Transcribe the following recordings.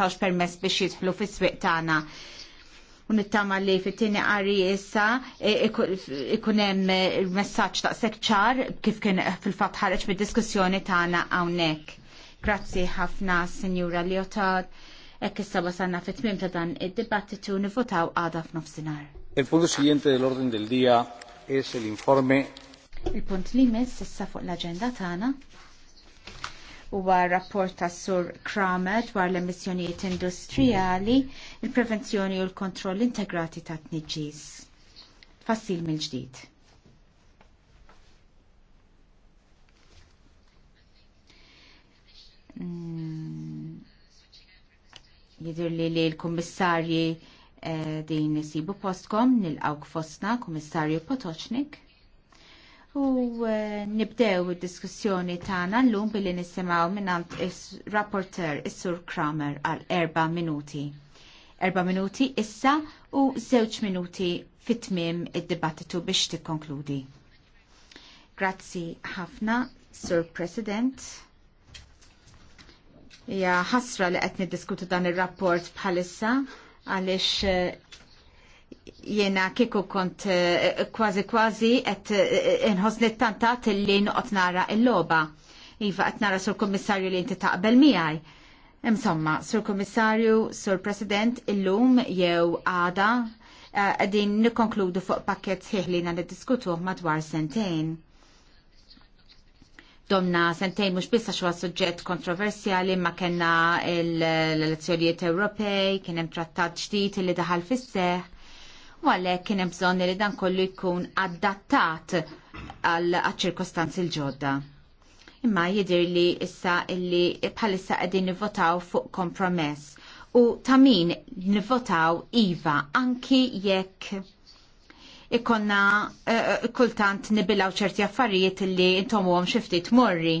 taħx permess biex jitħlu fis-swieq tagħna u nittama li fit-tini issa jissa e, e, ikunem e, il messaġġ ta' sekċar kif kien fil fatt ħareġ mid diskussjoni tagħna hawnhekk. Grazzi ħafna, Sinjura Liotard. Ek issa wasalna fit-tmim ta' dan id-dibattitu nivotaw għada f'nofsinhar. Il-punt siguiente dell'ordine del dia es l informe. Il-punt li mess issa fuq l-agenda tagħna huwa rapport ta' Sur Kramer dwar l-emissjonijiet industrijali, il-prevenzjoni u l-kontroll integrati ta' tniġġis. Fassil mill-ġdid. Mm. Jidir li li l-kommissarji eh, din nisibu postkom nil-għawk fostna, kommissarju Potoċnik. U eh, nibdew id-diskussjoni tagħna llum billi nisimgħu minnant is-rapporter is-Sur Kramer għal erba' minuti. Erba' minuti issa u żewġ minuti fit-tmiem id-dibattitu biex tikkonkludi. Grazzi ħafna, Sur President. Ja ħasra li qed niddiskutu dan ir-rapport bħalissa għaliex eh, jena kiku kont eh, kważi kważi et eh, inħosni tantat li nuqot nara il-loba. Iva, qed nara sur kommissarju li inti taqbel miħaj. Insomma, sur kommissarju, sur president, illum jew għada eh, għadin nikonkludu fuq pakket ħiħlina li diskutu madwar sentejn. Domna sentejn mux bissa xwa suġġett kontroversjali ma kena l-elezzjonijiet Ewropej, kienem trattat ġdijt li daħal fisseħ u għalhekk kien hemm bżonn li dan kollu jkun adattat għal ċirkostanzi l-ġodda. Imma jidir li issa illi bħalissa qegħdin nivvotaw fuq kompromess u ta' nivotaw iva anki jekk ikonna uh, kultant nibilaw ċerti affarijiet illi intomu għom xiftit morri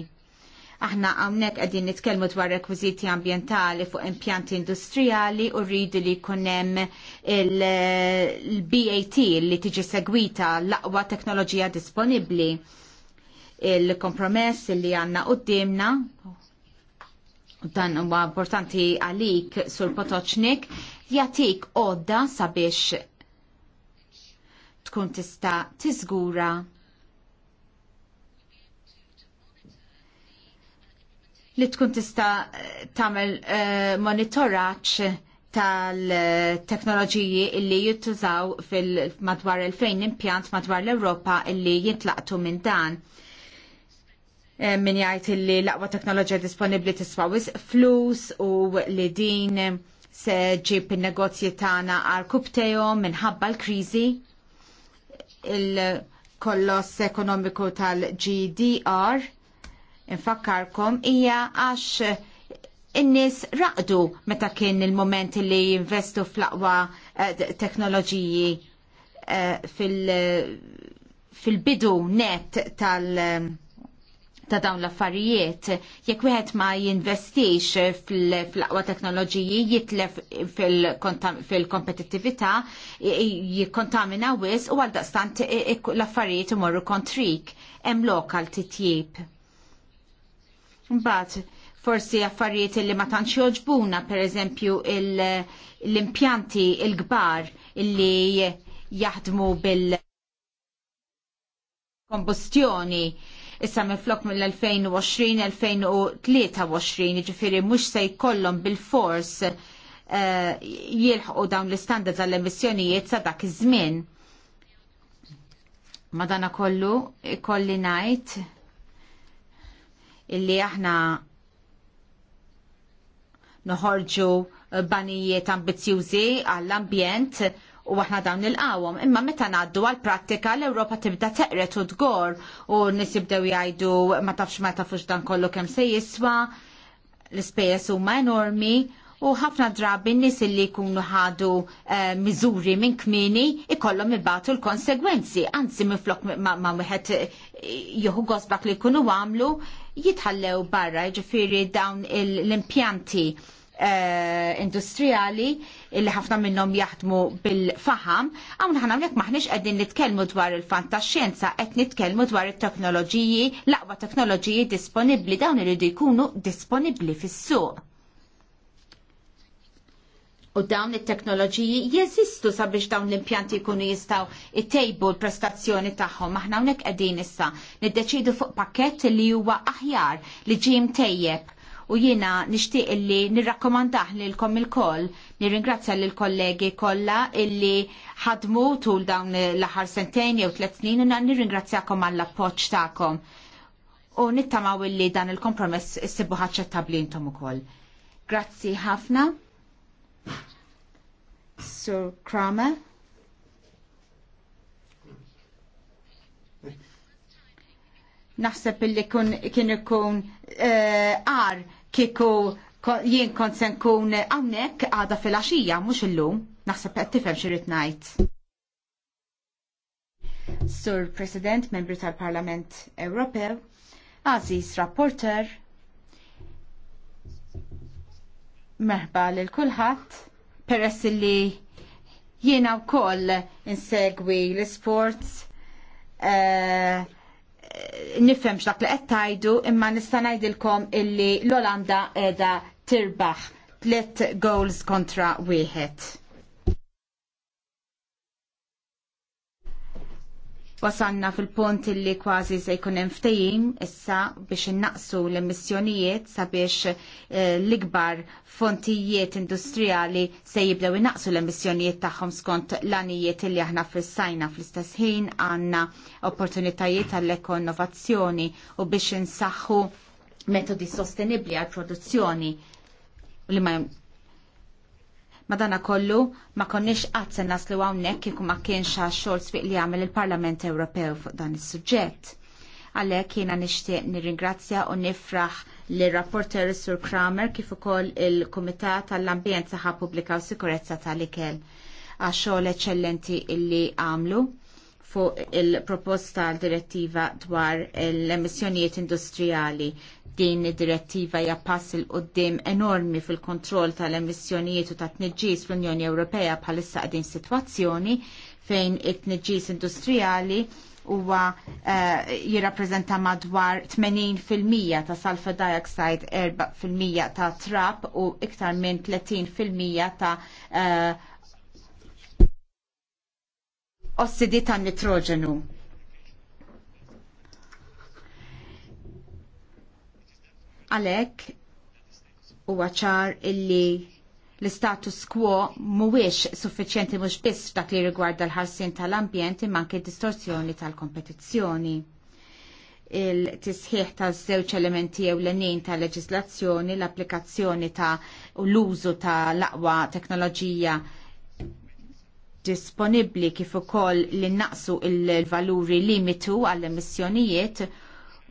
Aħna hawnhekk qegħdin nitkellmu dwar rekwiżiti ambjentali fuq impjanti industrijali u rridu li jkun hemm il-BAT li tiġi segwita l-aqwa teknoloġija disponibbli il-kompromess li għandna dimna dan huwa importanti għalik sur potoċnik jatik odda sabiex tkun tista tiżgura li tkun tista tagħmel eh, monitoraġġ tal-teknoloġiji illi jittużaw fil-madwar fejn impjant madwar l-Europa illi jintlaqtu minn dan. Eh, min jgħid illi l-aqwa teknoloġija disponibli tiswa flus u li din se ġib il-negozji tagħna għal kubtejhom minħabba l-kriżi il kollos ekonomiku tal-GDR infakkarkom hija għax in-nies raqdu meta kien il-moment li jinvestu fl-aqwa eh, teknoloġiji eh, fil-bidu net tal- ta' dawn l-affarijiet, jekk wieħed ma jinvestix fl-aqwa teknoloġiji jitlef fil-kompetittività, jikkontamina wis u għaldaqstant l-affarijiet imorru kontrik, hemm lokal titjib. Mbaħt, forsi affarijiet li ma tantx joġbuna, pereżempju l-impjanti il il-kbar illi jaħdmu bil-kombustjoni issa minn flok mill-2020-2023 ġifiri mux se jkollhom bil-fors eh, jilħqu dawn l-istandard tal-emissjonijiet sa dak iż-żmien. Madana kollu, kolli najt illi aħna noħorġu banijiet ambizjużi għall-ambjent u aħna dawn il-qawom. Imma meta ngħaddu għall prattika l-Ewropa tibda teqret u tgor u n jibdew jgħidu ma tafx ma tafux dan kollu kemm se jiswa, l-ispejjeż huma enormi u ħafna drabi n-nies li jkunu ħadu eh, miżuri minn kmini ikollhom ibatu l-konsegwenzi, anzi minflok ma wieħed joħu gosbak li jkunu għamlu jitħallew barra, ġifiri dawn l-impjanti uh, eh, industrijali illi ħafna minnhom jaħdmu bil-faham, għawn ħana għamlek maħnix għedin nitkelmu dwar il-fantaxxienza, għed nitkelmu dwar il-teknoloġiji, laqwa teknoloġiji disponibli, dawn irridu jkunu disponibli fis-suq. U dawn it-teknoloġiji jeżistu sabiex dawn l-impjanti jkunu jistaw it-tejbu l-prestazzjoni tagħhom. Aħna hawnhekk qegħdin issa niddeċidu fuq pakkett li huwa aħjar li ġie mtejjeb u jiena nixtieq illi nirrakkomandah lilkom il-koll, nirringrazzja l kollegi kollha illi ħadmu tul dawn l-aħħar sentejn jew tliet snin u nirringrazzjakom għall-appoġġ tagħkom. U nittamaw illi dan il-kompromess issibu ħaċċettabbli intom ukoll. Grazzi ħafna. Sir Kramer. Naħseb illi kien ikun għar eh, kieku jien kont se nkun hawnhekk għada fil-għaxija mhux illum. Naħseb qed tifhem xi ngħid. Sur President, Membri tal-Parlament Ewropew, Aziz Rapporter, merħba lil kulħadd peress li jiena wkoll insegwi l-sports uh, nifhem x'dak li qed tgħidu imma nista' ngħidilkom illi l-Olanda qiegħda tirbaħ tliet goals kontra wieħed. Wasanna fil-punt li kważi se jkun hemm ftehim issa biex innaqsu l-emissjonijiet sabiex eh, l-ikbar fontijiet industrijali se jibdew innaqsu l-emissjonijiet tagħhom skont l-anijiet li aħna fissajna fl-istess ħin għandna opportunitajiet għall ekonnovazzjoni innovazzjoni u biex insaħħu metodi sostenibli għal produzzjoni li ma Madana kollu ma konniex qatt se naslu hawnhekk kieku ma kienx għax-xogħol swieq li għamil il-Parlament Ewropew fuq dan is-suġġett. Għalhekk jiena nixtieq nirringrazzja u nifraħ li rapporter Sur Kramer kif ukoll il-Kumitat tal-Ambjent Saħħa Pubblika u Sikurezza tal-Ikel għax-xogħol eċċellenti illi għamlu fuq il-proposta direttiva dwar l-emissjonijiet industrijali Din id-direttiva hija pass il qoddim enormi fil-kontroll tal-emissjonijiet u tat-tniġġis fl-Unjoni Ewropea bħalissa qegħdin sitwazzjoni fejn it-tniġġis industrijali huwa uh, jirrappreżenta madwar 80% ta' sulfur dioxide, 4% ta' trap u iktar minn 30% ta' uh, ossidi ta' nitrogenu Għalhekk huwa ċar illi l-status quo mhuwiex suffiċjenti mhux biss f'dak li rigwarda l-ħarsien tal-ambjent imma anke distorsjoni tal-kompetizzjoni. Il-tisħiħ ta' żewġ elementi l-enin ta' leġislazzjoni, l-applikazzjoni ta' u l-użu ta' l-aqwa teknoloġija disponibbli kif ukoll li naqsu il-valuri limitu għall-emissjonijiet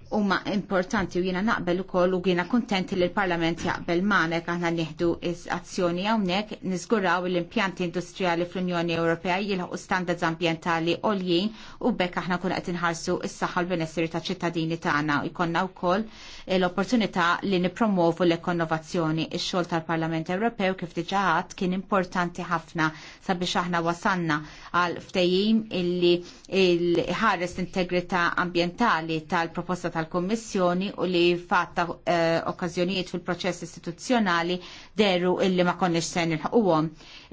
huma importanti u jiena naqbel ukoll u jiena kuntenti li l-Parlament jaqbel M'Anek aħna nieħdu azzjoni hawnhekk niżguraw l-impjanti industrijali fl-Unjoni Ewropea jilħu standards ambjentali għoljin u bekk aħna kun qed inħarsu s-saħħa l-benessiri ta' ċittadini tagħna u jkollna wkoll eh, l-opportunità li nippromovu l-ekonnovazzjoni. Ix-xogħol tal-Parlament Ewropew kif diġà kien importanti ħafna sabiex aħna wasanna għal ftehim illi ħares l-integrità ambjentali tal-proposta tal-Kommissjoni u li fatta eh, okkażjonijiet fil-proċess istituzzjonali deru illi ma konniex se nilħquhom.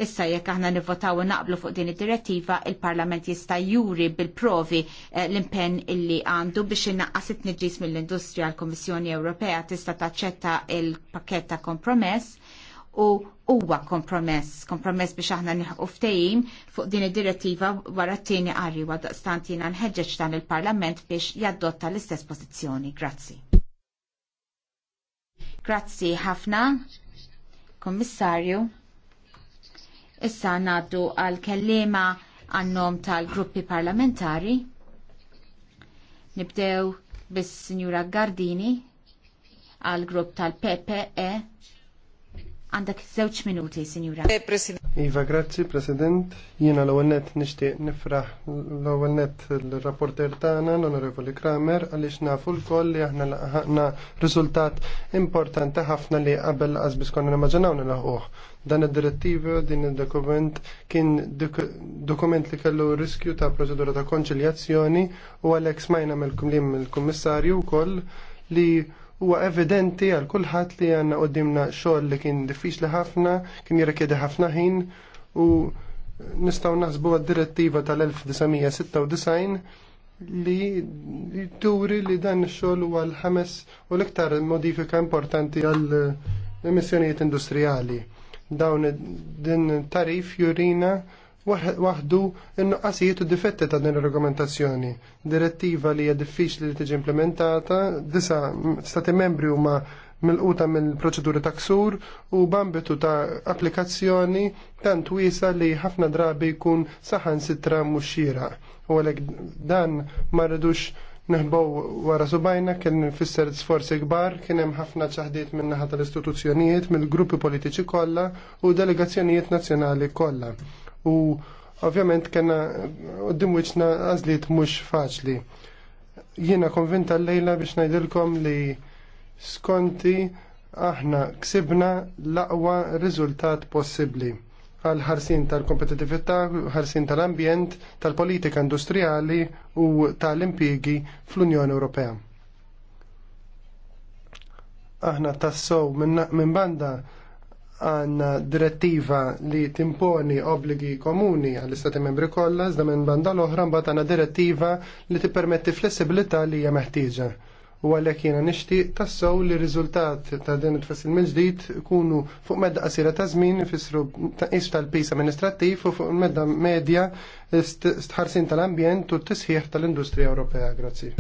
Issa jekk aħna nivvotaw naqblu fuq din id-direttiva, il-Parlament jista' juri bil-provi eh, l-impenn illi għandu biex innaqqas it-tniġġis mill-industrija l-Kommissjoni Ewropea tista' taċċetta il-pakkett ta' kompromess u huwa kompromess, kompromess biex aħna nħu ftejim fuq din id-direttiva wara t-tieni għarri wa stantina nħedġeċ nħeġġeġ dan il-Parlament biex jaddotta l-istess pożizzjoni. Grazzi. Grazzi ħafna, Kommissarju. Issa ngħaddu għal kellima għannom tal-gruppi parlamentari. Nibdew bis-Sinjura Gardini għal grupp tal-PPE għandak żewġ minuti, Sinjura. Eh, iva, grazzi, President. Jiena l-ewwel nishti nixtieq nifraħ l-ewwel l-rapporter tagħna, l-Onorevoli Kramer, għaliex nafu l-koll li aħna laħaqna riżultat importanti ħafna li qabel qasbis konna nimmaġinaw nilħuh. Dan id-direttiva, din id-dokument kien dokument li kellu riskju ta' proċedura ta' konċiljazzjoni u għalhekk smajna mill-kumlim mel-kommissarju kummissarju wkoll li huwa evidenti għal kulħadd li għandna qudiemna xogħol li kien diffiċli ħafna, kien jirrikjedi ħafna ħin u nistgħu naħsbu għad-direttiva tal-1996 li turi li dan ix-xogħol huwa l-ħames u l-iktar modifika importanti għall emissjonijiet industrijali. Dawn din tarif jurina waħdu n-nuqqasijiet u difetti ta' din ir regumentazzjoni Direttiva li hija diffiċli li tiġi implementata, disa stati membri huma mil quta mill-proċeduri ta' ksur u bambitu ta' applikazzjoni tant wiesa li ħafna drabi jkun saħan sitra mhux U għalhekk dan ma rridux neħbow wara subajna kien fisser sforzi kbar, kien hemm ħafna ċaħdiet minn naħa tal-istituzzjonijiet, mill-gruppi politiċi kollha u delegazzjonijiet nazzjonali kollha u ovvjament kena għoddim wiċna għazliet mux faċli. Jiena konvinta l-lejla biex najdilkom li skonti aħna ksibna l-aqwa riżultat possibbli għal ħarsin tal-kompetitività, ħarsin tal-ambjent, tal-politika industrijali u tal impiegi fl-Unjoni Ewropea. Aħna tassow minn banda għanna direttiva li timponi obbligi komuni għall-istati membri kollha, iżda minn banda l-oħra mbagħad għandna direttiva li tippermetti flessibilità li hija meħtieġa. U għalhekk jiena nixtieq tassew li riżultat ta' din it-tfassil minn ġdid ikunu fuq medda qasira ta' żmien ifissru taqis tal-pis amministrattiv u fuq medda medja stħarsin tal-ambjent u t-tisħiħ tal-Industrija Ewropea. Grazzi.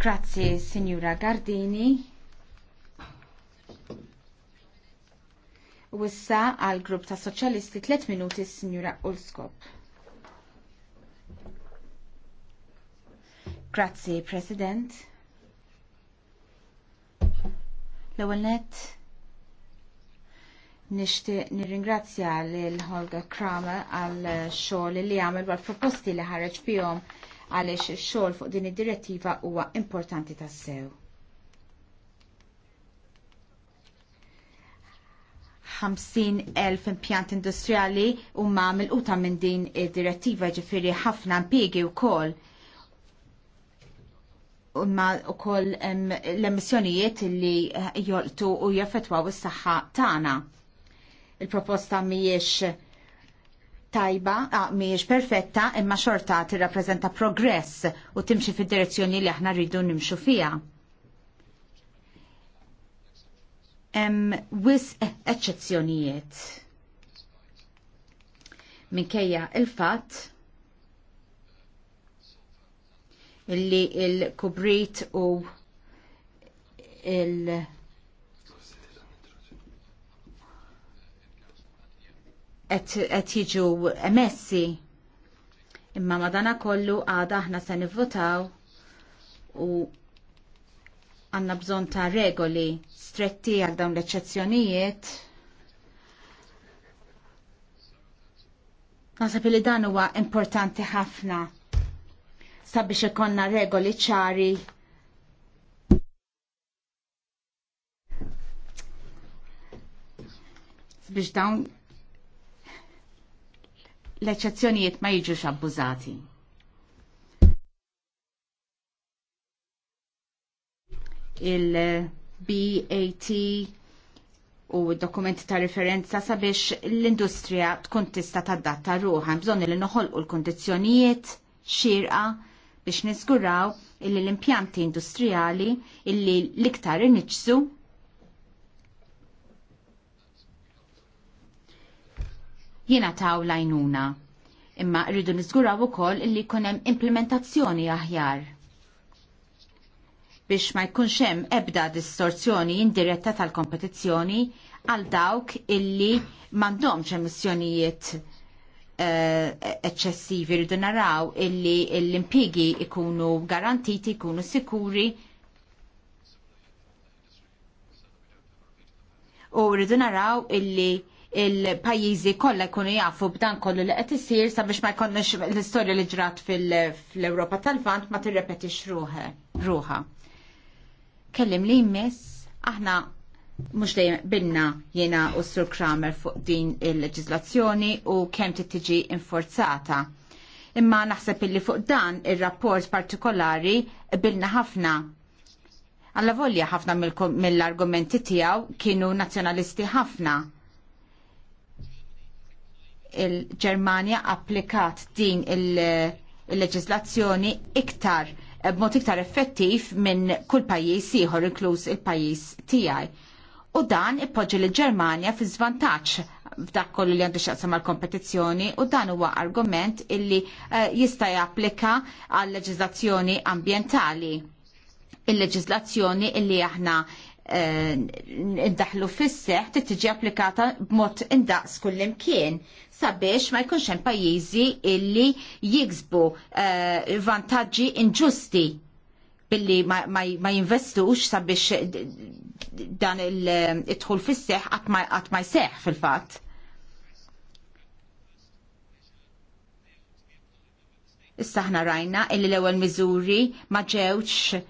Grazzi, Signora Gardini. Wissa għal grupp ta' soċjalisti 3 minuti s-Sinjura Ulskop. Grazzi, President. L-ewwel nett nixtieq nirringrazzja lil Holga Kramer għal xogħol li għamel għal proposti li ħareġ fihom għaliex ix-xogħol fuq din id-direttiva huwa importanti tassew. 50.000 impjant industrijali huma milquta minn din id-direttiva ġifiri ħafna impjiegi wkoll. wkoll l-emissjonijiet li jolqtu u jaffettwaw is-saħħa tagħna. Il-proposta mhijiex tajba, mhijiex perfetta, imma xorta tirrappreżenta progress u timxi fid-direzzjoni li aħna rridu nimxu fiha hemm wis eċċezzjonijiet. Minkejja il-fatt illi il-kubrit u il- qed jiġu emessi. Imma madana kollu għada aħna se nivvotaw u għanna bżon ta' regoli stretti għal dawn l eċezzjonijiet Nasab li dan huwa importanti ħafna sabiex ikonna regoli ċari biex dawn l-eċezzjonijiet ma jiġux abbużati. il- uh, BAT u dokumenti ta' referenza sabiex l-industrija tkun tista' tadatta ruħa bżonn li noħolqu l kundizzjonijiet xirqa biex niżguraw illi l-impjanti industrijali illi l-iktar iniġsu jiena taw lajnuna imma rridu nizguraw ukoll illi jkun hemm implementazzjoni aħjar biex ma jkunx hemm ebda distorzjoni indiretta tal-kompetizzjoni għal dawk illi m'għandhomx emissjonijiet eh, eċċessivi rridu naraw illi l-impigi ikunu garantiti, ikunu sikuri u rridu naraw illi il-pajjiżi kollha jkunu jafu b'dan kollu li qed isir sabiex ma jkollniex l-istorja li ġrat fil-Ewropa tal-Vant ma tirrepetix ruha kellim li jmiss aħna mux dejjem binna jena u Sur Kramer fuq din il-leġizlazzjoni u kemm tiġi inforzata. Imma naħseb illi fuq dan ir-rapport partikolari bilna ħafna. Alla volja ħafna mill-argumenti tiegħu kienu nazzjonalisti ħafna. il ġermania applikat din il-leġizlazzjoni iktar b'mod iktar effettiv minn kull pajjiż ieħor inkluż il-pajjiż tiegħi. U dan ippoġġi lill-Ġermanja fi żvantaġġ f'dak kollu li għandu xaqsam għal kompetizzjoni u dan huwa argument illi jista' japplika għal leġiżlazzjoni ambientali. Il-leġiżlazzjoni illi aħna ndaħlu fis-seħ tittiġi applikata b'mod indaqs kullimkien sabiex ma jkunx hemm pajjiżi illi jiksbu uh, vantaġġi inġusti billi ma, ma, ma jinvestux sabiex dan il-dħul eh, fis-seħ qatt ma jseħħ fil-fatt. Issa ħna rajna illi l-ewwel miżuri ma ġewx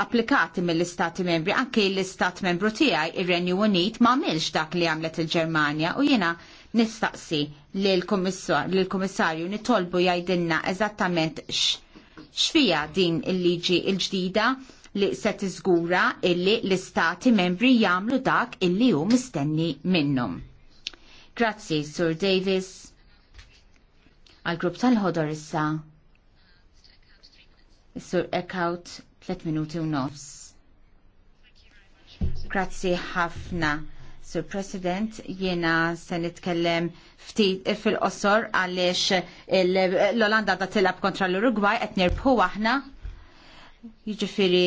applikati mill-istati membri, anke l-istat membru tiegħi ir-Renju Unit ma għamilx dak li għamlet il-Ġermanja u jiena nistaqsi l-Komissarju nitolbu jgħidilna eżattament x'fija din il-liġi il-ġdida li se tiżgura illi l-istati membri jagħmlu dak illi hu mistenni minnhom. Grazzi, Sur Davis. Għal-grupp tal-ħodor issa. Sur Eckhout, 3 minuti u nofs. Grazzi ħafna. Sur President, jiena se nitkellem ftit fil-qosor għaliex l-Olanda da tilab kontra l-Uruguay qed nirbħu aħna. Jiġifieri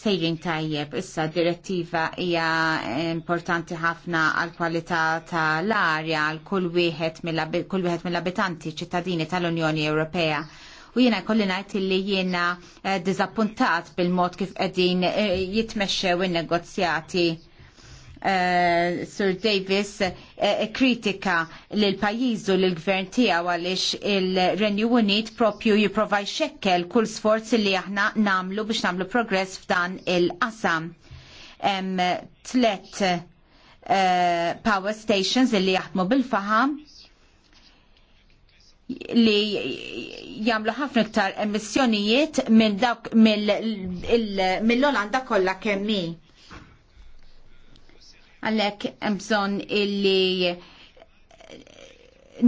sejrin tajjeb, issa direttiva hija importanti ħafna għal kwalità tal-arja għal kull wieħed mill-abitanti ċittadini tal-Unjoni Ewropea u jiena kolli ngħid li jiena eh, diżappuntat bil-mod kif qegħdin eh, jitmexxew in-negozjati. Uh, Sir Davis kritika l-pajizu l-gvern tiegħu għaliex il-Renju Unit propju jipprova xekkel kull sforz li aħna namlu biex namlu progress f'dan il-qasam. tlet power stations li jaħdmu bil-faham li jagħmlu ħafna iktar emissjonijiet minn dawk mill-Olanda kollha kemm hi. Għalhekk hemm bżonn illi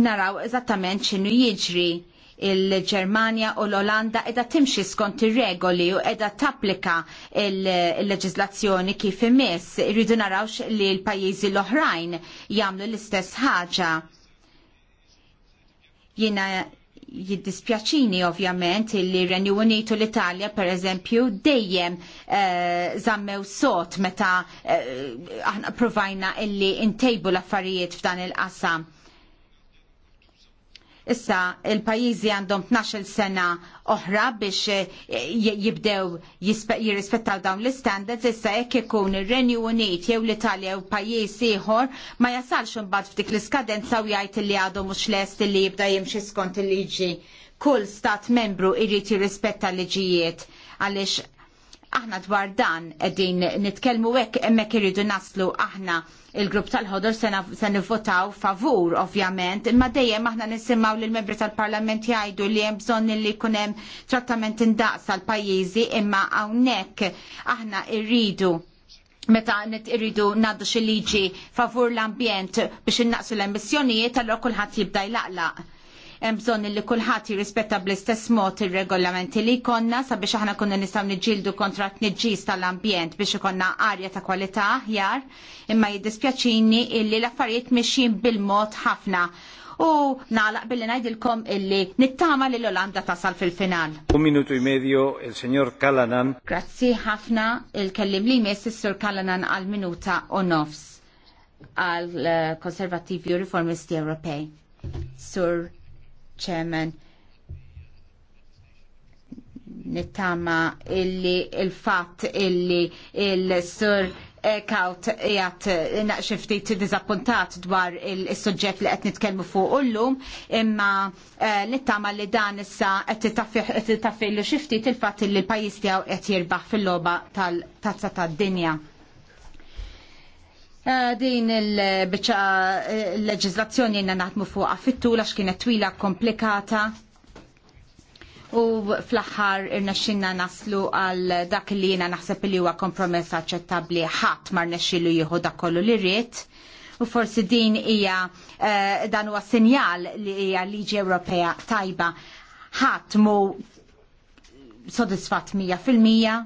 naraw eżattament x'inhu jiġri il ġermanja u l-Olanda edha timxi skont ir-regoli u edha tapplika il leġizlazzjoni kif imiss. Irridu narawx li l-pajjiżi l-oħrajn jagħmlu l-istess ħaġa. Jiena jiddispjaċini ovvjament li Renju Unitu l-Italja per eżempju dejjem eh, zammew sot meta eh, aħna provajna illi intejbu l-affarijiet f'dan il-qasam. Issa il-pajjiżi għandhom 12 sena oħra biex eh, jibdew jirrispettaw dawn l-standards issa jekk ikun ir-Renju Unit jew l-Italja jew pajjiż ieħor ma jasalx imbagħad f'dik l-iskadenza u jgħid li għadu mhux lest li jibda jimxi skont il-liġi. Kull stat membru jrid jirrispetta l-liġijiet għaliex Aħna dwar dan din nitkellmu hekk hemmhekk iridu naslu aħna il-grupp tal-ħodor se nivvotaw favur ovvjament, imma dejjem aħna nisimgħu lill membri tal-Parlament jgħidu li hemm bżonn li jkun hemm trattament indaqs għal pajjiżi imma hawnhekk aħna irridu meta irridu ngħaddu xi liġi favur l-ambjent biex innaqsu l-emissjonijiet allura kulħadd jibda jlaqlaq hemm bżonn li kulħadd jirrispetta bl-istess mod ir-regolamenti li jkollna sabiex aħna kunna nistgħu niġġieldu kontratt t tal-ambjent biex ikonna arja ta' kwalità aħjar, imma jiddispjaċini illi l-affarijiet mixjin bil-mod ħafna. U naħlaq billi ngħidilkom illi nittama li l-Olanda tasal fil-final. Un minutu i e medio, il-Senjor Kalanan. Grazzi ħafna il-kellim li jmiss is-Sur Kalanan għal-minuta u nofs għal eh, konservativi u Reformisti Ewropej. Sur Chairman. Nittama illi il-fat illi il-sur kaut jgħat naqxifti t-dizappuntat dwar il-sujġet li t-kelmu fuq ullum imma eh, nittama li dan issa għetni t-taffi l-xifti t-il-fat illi l-pajis tijaw għet jirbaħ fil-loba tal-tazza tad-dinja. Eh, din il-bicċa eh, leġizlazzjoni jenna naħdmu fuqa fit-tula x'kienet twila komplikata u fl-axħar irnexxinna naslu għal dak li jiena naħseb li huwa kompromess aċċettabbli ħadd mar nexxilu jieħu dak kollu li rrid u forsi din hija eh, dan huwa sinjal li hija liġi Ewropea tajba ħadd mu sodisfatt mija fil-mija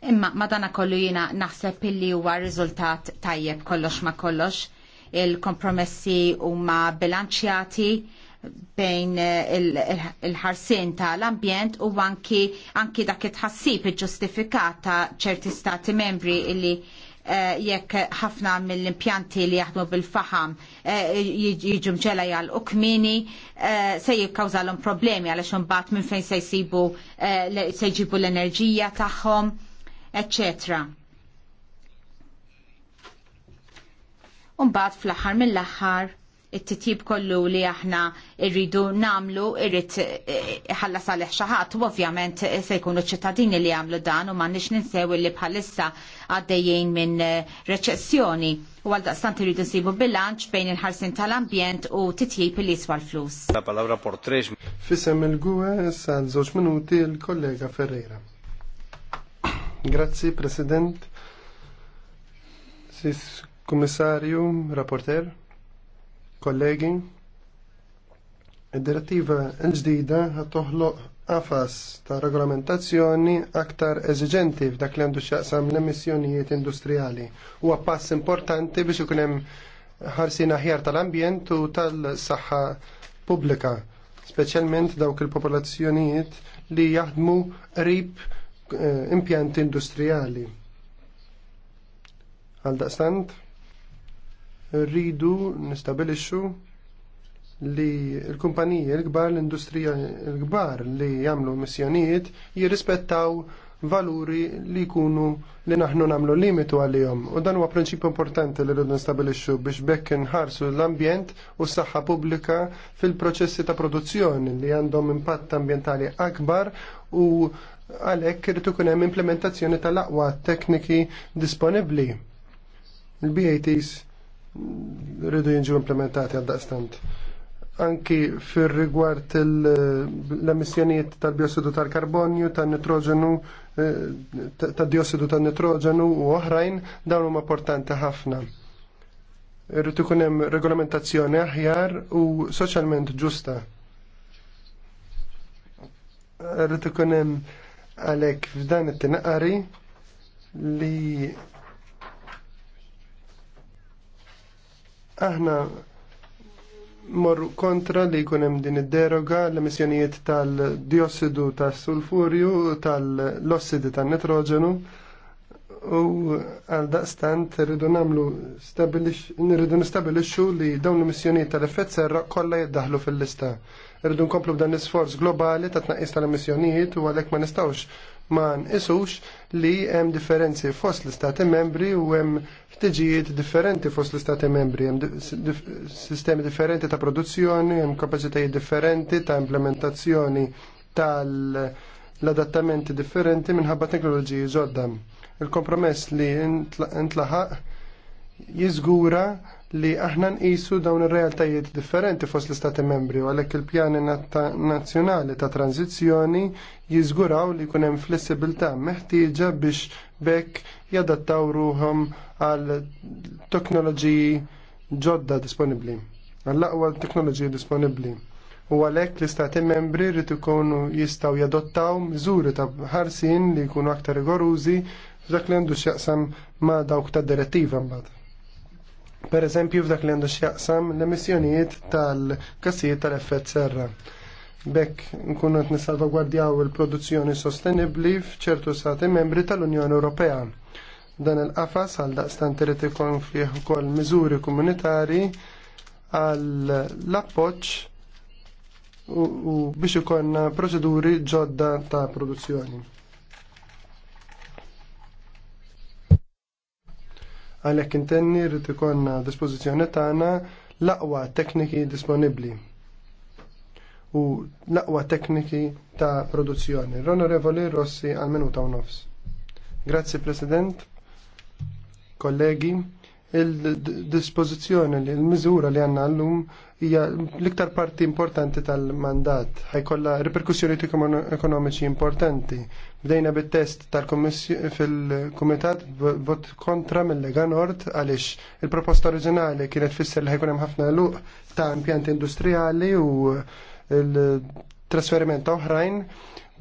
Imma madana kollu jina naħseb illi huwa riżultat tajjeb kollox ma kollox. Il-kompromessi huma bilanċjati bejn il-ħarsin tal-ambjent u anki, anki dak it-ħassib iġġustifikata ta' ċerti stati membri illi eh, jekk ħafna mill-impjanti li jaħdmu bil-faham eh, jiġu mġela jgħal u kmini eh, se jikkawżalhom problemi għaliex imbagħad minn fejn se jsibu se jġibu l-enerġija tagħhom etc. Umbat fl-axar mill-axar it-titjib kollu li aħna irridu namlu irrid eh, ħalla salih xaħat u ovvjament se jkunu ċittadini li għamlu dan u ma ninsew li bħalissa għaddejjien minn eh, reċessjoni u għal daqstant irridu nsibu bilanċ bejn il-ħarsin tal-ambjent u titjib li jiswa l-flus. La palabra por tres. Fisem il-gwe sa' zoċ minuti il-kollega Ferreira. Grazzi, President. Sis Commissario, Rapporter, kollegi. Id-direttiva l-ġdida toħloq għafas ta' regolamentazzjoni aktar eżigenti f'dak li għandu xaqsam l-emissjonijiet industrijali. Huwa pass importanti biex ikun hemm ħarsin aħjar tal-ambjent u tal-saħħa pubblika, speċjalment dawk il-popolazzjonijiet li jaħdmu qrib Eh, impjant industrijali. Għal daqstant, rridu nistabilixxu li l-kumpaniji l gbar l-industrija l-kbar li jamlu missjonijiet jirrispettaw valuri li jkunu li naħnu namlu limitu għalihom. U dan huwa prinċipju importanti li rridu nstabilixxu biex bekk inħarsu l-ambjent u s-saħħa pubblika fil-proċessi ta' produzzjoni li għandhom impatt ambjentali akbar u għalhekk irid ikun hemm implementazzjoni tal-aqwa tekniki disponibbli. Il-BATs rridu jinġu implementati għal anki fir rigward l-emissjonijiet tal-biossidu tal-karbonju, tan nitrogenu ta' diossidu ta' nitrogenu u oħrajn dawn huma importanti ħafna. Irrid ikun hemm regolamentazzjoni aħjar u soċjalment ġusta. Irrid ikun hemm għalhekk f'dan it-tinqari li aħna morru kontra li jkun hemm din id-deroga l-emissjonijiet tal-diossidu tas-sulfurju tal-ossidi tan-nitroġenu u għal daqstant rridu namlu nirridu nistabilixxu li dawn l-emissjonijiet tal-effett serra kollha jiddaħlu fil-lista. Rridu nkomplu b'dan l-isforz globali ta' tnaqqis tal-emissjonijiet u għalhekk ma nistgħux ma nqisux li hemm differenzi fost l-istati membri u hemm ftiġijiet differenti fost l-istati membri, hemm sistemi differenti ta' produzzjoni, hemm kapaċitajiet differenti ta' implementazzjoni tal-adattamenti differenti minħabba teknoloġiji ġodda. Il-kompromess li intlaħaq jizgura li aħna nqisu dawn ir-realtajiet differenti fost l-Istati membri u għalhekk il-pjani nazzjonali ta' tranzizzjoni jiżguraw li jkun hemm flessibilità meħtieġa biex bekk jadattaw ruhom għal teknoloġiji ġodda disponibbli, għall aqwa teknoloġiji disponibbli. U għalhekk l-Istati membri rrid ikunu jistgħu jadottaw miżuri ta' ħarsin li jkunu aktar rigorużi f'dak li għandu x'jaqsam ma' dawk tad direttiva mbagħad. Per eżempju f'dak li għandu x'jaqsam l-emissjonijiet tal-gassijiet tal-effett serra. Bekk nkunu qed nissalvagwardjaw il-produzzjoni sostenibbli f'ċertu stati membri tal-Unjoni Ewropea. Dan il-qafas għal daqstant irid ikun fih ukoll miżuri komunitari għall appoġġ u biex ikonna proċeduri ġodda ta' produzzjoni. Għalhekk intenni rrid ikollna dispozizjoni tagħna l-aqwa tekniki disponibbli u l-aqwa tekniki ta' produzzjoni. L-Onorevoli Rossi għal minuta u nofs. Grazzi President, kollegi il-dispozizjoni, il-mizura li għanna l-lum hija l-iktar parti importanti tal-mandat. ħajkolla riperkussjoni ekonomiċi importanti. Bdejna bit-test tal-Kummissju fil-Kumitat vot kontra mill-Lega Nord għaliex il-proposta oriġinali kienet fisser li ħajkun hemm ħafna luq ta' impjanti industrijali u il-trasferiment oħrajn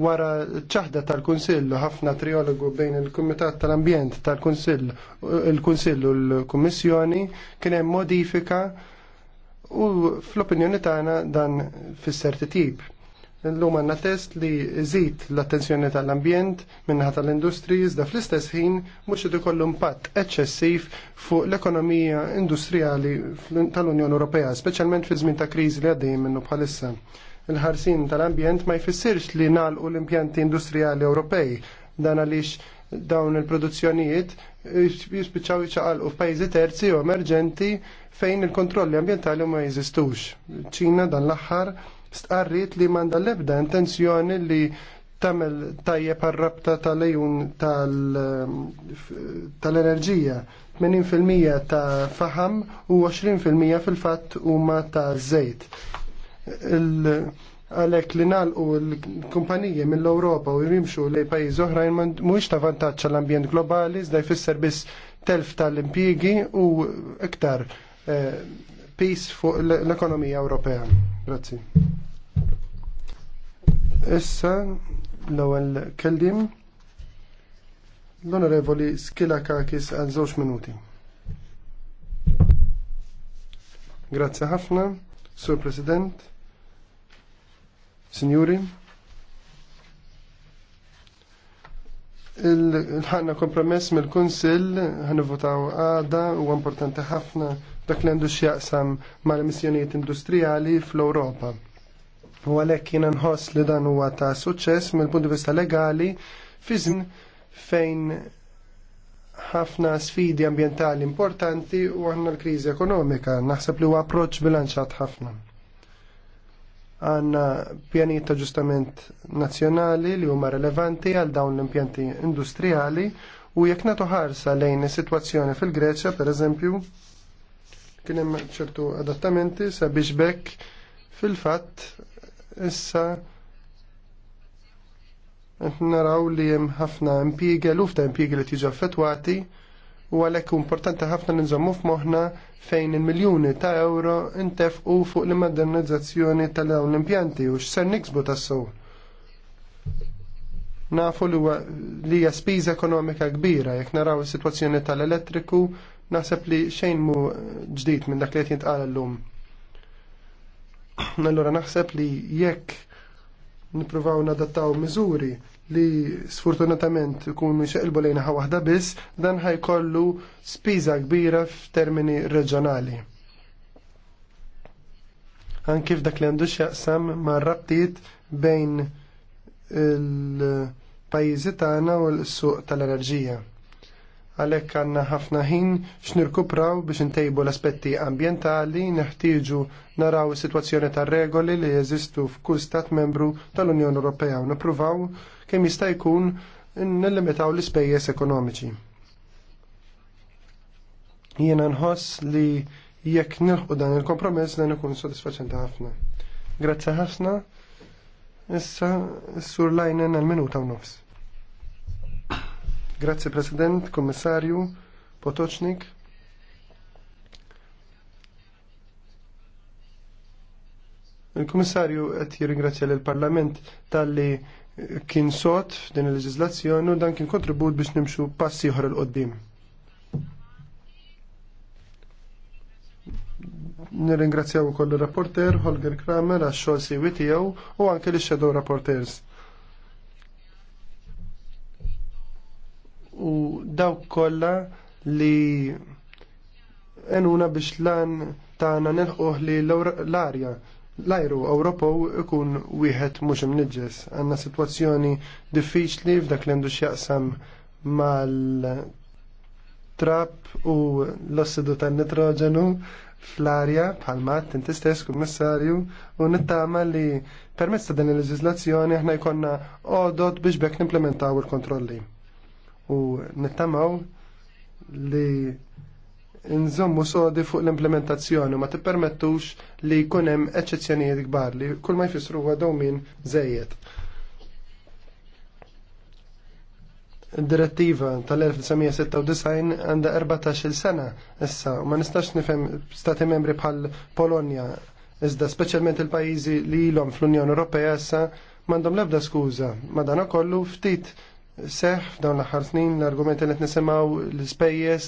wara ċaħda tal-Kunsill ħafna triologu bejn il-Kumitat tal-Ambjent tal-Kunsill il-Kunsill u l-Kummissjoni kien hemm modifika u fl-opinjoni tagħna dan fisser titjib. Illum għanna test li żid l-attenzjoni tal-ambjent minnaħa tal-industries da fl-istess ħin mhux id ikollu impatt eċċessiv fuq l-ekonomija industrijali tal-Unjoni Ewropea, speċjalment fi żmien ta' kriżi li għaddej minnu bħalissa il-ħarsin tal-ambjent ma jfissirx li nalqu l-impjanti industrijali Ewropej dan għaliex dawn il-produzzjonijiet jispiċċaw jiċaqalqu f'pajjiżi terzi u emerġenti fejn il-kontrolli ambjentali ma jeżistux. ċina dan l-aħħar stqarrit li manda l-ebda intenzjoni li tamel tajjeb għal-rabta tal-ejun ehm, tal-enerġija. 80% ta' faham u 20% fil-fatt huma ta' żejt għalek li nalqu l kumpanije mill-Europa u jimxu lej pajjiż oħrajn mhuwiex ta' vantaċ l-ambjent globali, zda' jfisser biss telf tal impiegi u iktar eh, peace fuq l-ekonomija Ewropea. Grazzi. Issa l-ewwel kellim l-Onorevoli Skila Kakis għal żewġ minuti. Grazzi ħafna, Sur President. Signori, il-ħanna kompromess mill-Kunsil votaw għada u importanti ħafna dak li għandu x'jaqsam mal-missjonijiet industrijali fl-Ewropa. U għalhekk jiena nħoss li dan huwa ta' suċċess mill-punt di vista legali fi fejn ħafna sfidi ambjentali importanti u għanna l-kriżi ekonomika. Naħseb li huwa approċċ bilanċat ħafna għanna pjanijiet ta' ġustament nazzjonali li huma relevanti għal dawn l-impjanti industrijali u jekk nagħtu ħarsa lejn is-sitwazzjoni fil-Greċja pereżempju kien hemm ċertu adattamenti sabiex bekk fil-fatt issa qed naraw li hemm ħafna impjiegi lufta ta' li tiġu affettwati u għalhekk importanti ħafna ninżommu f'moħħna fejn il miljoni ta' euro intefqu fuq l-modernizzazzjoni tal-dawn l-impjanti u x'ser niksbu tas-sow. Nafu li li hija spiża ekonomika kbira jekk naraw is-sitwazzjoni tal-elettriku naħseb li xejn mu ġdid minn dak li qed jintqal llum. Allura naħseb li jekk nippruvaw nadattaw miżuri li sfortunatament ikunu xeqilbu lejna ħa waħda biss, dan ħajkollu spiża kbira f'termini reġjonali. kif dak li għandu x'jaqsam ma' rabtiet bejn il-pajjiżi tagħna u l-suq tal-enerġija. Għalhekk għandna ħafna ħin x'nirkupraw biex intejbu l-aspetti ambjentali, neħtieġu naraw is-sitwazzjoni tar-regoli li jeżistu f'kull stat membru tal-Unjoni Ewropea u nippruvaw kemm jista' jkun nillimitaw l-ispejjeż ekonomiċi. Jiena nħoss li jekk nilħu dan il-kompromess dan ikun sodisfaċenti ħafna. Grazzi ħafna. Issa s-sur lajnen għal-minuta u nofs. Grazzi President, Kommissarju, Potocznik. Il-Kommissarju qed jirringrazzja lill parlament talli kien sot din il-leġizlazzjoni u dan kien kontribut biex nimxu passi oħra l-qoddim. Nirringrazzjaw ukoll ir-rapporter Holger Kramer għax xogħol siwi tiegħu u anke lix shadow rapporters. U dawk kollha li enuna biex lan tagħna nilħuh li l-arja l-ajru Ewropew ikun wieħed mhux imniġġes. Għandna sitwazzjoni diffiċli f'dak li għandu x'jaqsam mal-trap u l-ossidu tan-nitroġenu fl-arja bħalmat inti stess kummissarju u nittama li permezz ta' din il-leġiżlazzjoni aħna jkollna għodot biex bekk nimplementaw il-kontrolli. U nittamaw li nżommu sodi fuq l-implementazzjoni ma tippermettux li jkun hemm eċċezzjonijiet kbar li kull ma jfissru għadaw dawmin żejjed. Id-direttiva tal-1996 għandha 14-il sena issa u ma nistax nifhem stati membri bħal Polonja iżda speċjalment il-pajjiżi li ilhom fl-Unjoni Ewropea issa m'għandhom l-ebda skuża. Madana kollu ftit seħ f'dawn l-aħħar snin l-argumenti li qed nisimgħu l-ispejjeż,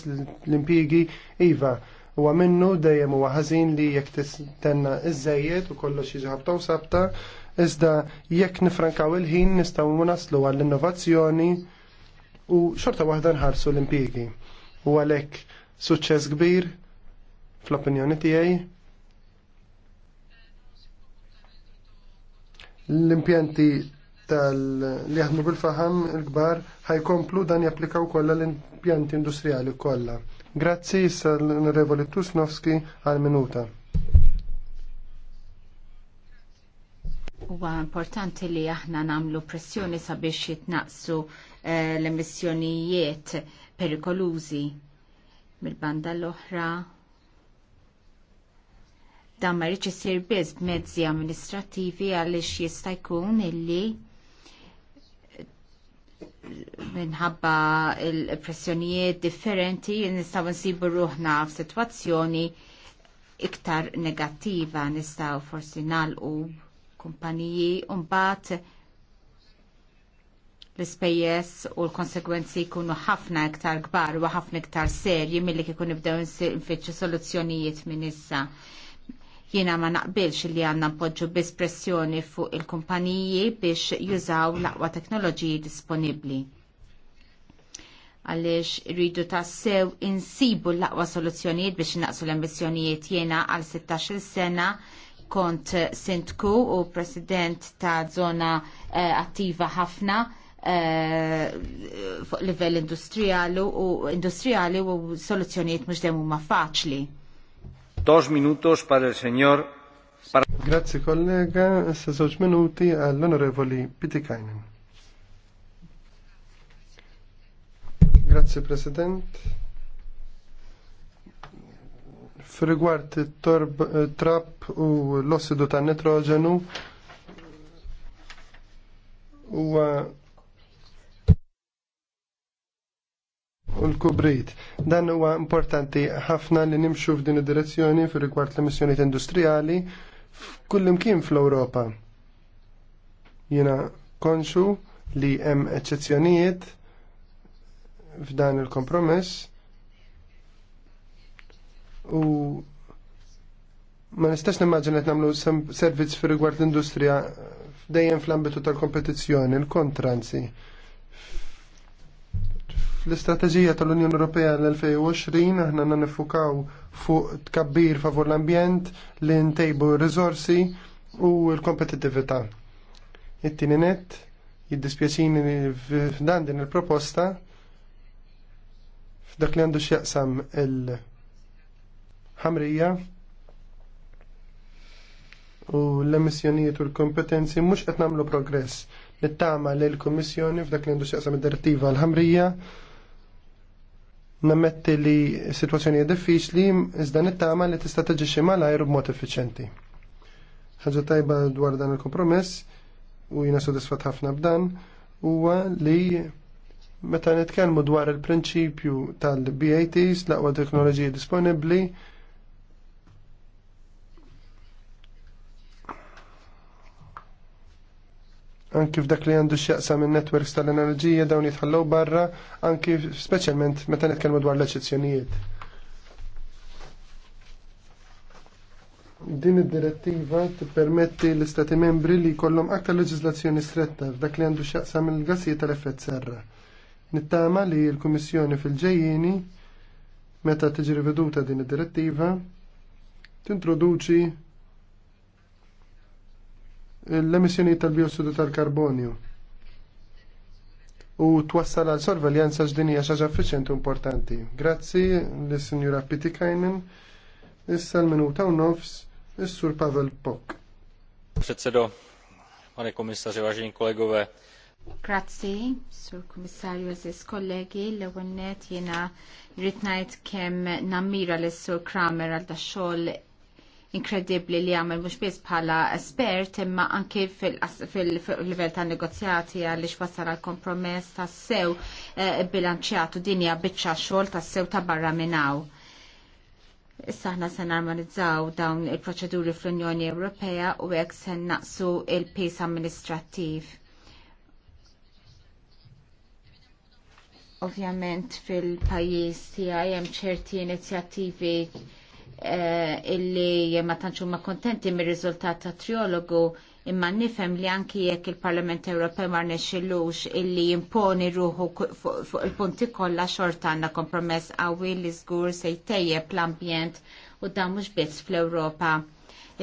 l-impjigi, iva. Huwa minnu dejjem huwa ħażin li jekk tistenna iż u kollox jiġi ħabta u sabta, iżda jekk nifrankaw il-ħin nistgħu naslu għall-innovazzjoni u xorta waħda nħarsu l-impjigi. U għalhekk suċċess kbir fl-opinjoni tiegħi l-impjanti tal-li jaħdmu bil-faham il-kbar ħajkomplu dan japplikaw kollha l-impjanti industrijali kollha. Grazzi sal revoli Tusnowski għal-minuta. Huwa importanti li aħna namlu pressjoni sabiex jitnaqsu eh, l-emissjonijiet perikolużi mill-banda l-oħra dan ma rridx isir biss b'mezzi amministrattivi għaliex jista' jkun illi minħabba il-pressjonijiet differenti nistaw nsibu ruħna f'sitwazzjoni iktar negattiva nistaw forsi nalqu kumpaniji unbat l-ispejjeż u l-konsekwenzi jkunu ħafna iktar kbar u ħafna iktar serji mill-li kikun ibdew nfittxu soluzzjonijiet minn issa. Jiena ma naqbilx li għandna npoġġu biss pressjoni fuq il-kumpaniji biex jużaw l-aqwa teknoloġiji disponibbli għalix rridu tassew insibu l-aqwa soluzzjonijiet biex naqsu l-emissjonijiet jiena għal 16 sena kont sintku u president ta' zona eh, attiva ħafna eh, fuq livell industrijali u industrijali u soluzzjonijiet mhux demu ma' faċli. Dos minutos para il signor para... Grazie kollega, issa żewġ minuti għall Pitikainen. Grazie President. F'rigward it-trap u l-ossidu tan nitrogenu huwa u l-kubrit. Dan huwa importanti ħafna li nimxu f'din id-direzzjoni fir rigward l-emissjonijiet industrijali kullimkien fl-Ewropa. Jiena konxu li hemm eċċezzjonijiet f'dan il-kompromess u ma nistax nimmaġin qed nagħmlu servizz fir rigward l-industrija dejjem fl-ambitu tal-kompetizzjoni, l-kontranzi Fl-istrateġija tal-Unjoni Ewropea l-2020 aħna nifukaw fuq tkabbir favur l-ambjent, l-intejbu r-rizorsi u l kompetitivita It-tieni net jiddispjaċini f'dan din il-proposta f'dak li għandu x'jaqsam il-ħamrija u l-emissjonijiet u l-kompetenzi mhux qed nagħmlu progress. Nittama l-Kummissjoni f'dak li għandu x'jaqsam id-direttiva l-ħamrija Nammetti li situazzjoni diffiċli iżda nittama li tista' tiġixxi malajr b'mod effiċenti. Ħaġa tajba dwar dan il-kompromess u jiena sodisfat ħafna b'dan huwa li meta nitkellmu dwar il-prinċipju tal-BATs l-aqwa teknoloġiji disponibbli anki f'dak li għandu x'jaqsa minn networks tal-enerġija dawn jitħallew barra, anki speċjalment meta nitkellmu dwar l-eċezzjonijiet. Din id-direttiva tippermetti l-Istati membri li jkollhom aktar leġiżlazzjoni stretta f'dak li għandu x'jaqsa mill gassijiet tal-effett serra. Nittama li l-Kummissjoni fil-ġejjieni meta tiġi veduta din id-direttiva tintroduċi l-emissjoni tal-biossidu tal-karbonju u twassal għal sorveljanza ġdinija xaġa effiċjenti importanti. Grazzi l-Sinjura Pitikajnen, issa l-minuta u nofs, is-Sur Pavel Pok. Predsedo, pane komissarju, għaxin kolegove. Grazzi, Sur Komissarju, eżis kollegi, l-għonnet jena rritnajt kem nammira l-Sur Kramer għal da xol inkredibbli li għamel mhux biss bħala espert imma anki fil-livell ta' negozjati għaliex wassal għal kompromess ta' sew eh, bilanċjatu dinja biċċa xogħol ta' sew ta' barra minnaw. Issa aħna se normalizzaw dawn il-proċeduri fl-Unjoni Ewropea u hekk se naqsu il-pis amministrativ. Ovvjament fil-pajjiż tijaj hemm ċerti inizjattivi Eh, illi ma tantxu ma kontenti mir riżultat ta' triologu imma nifem li anki jekk il-Parlament Ewropew ma rnexxilux illi jimponi ruħu fuq il-punti kollha xorta għandna kompromess qawwi li żgur se jtejjeb l-ambjent u dan mhux biss fl-Ewropa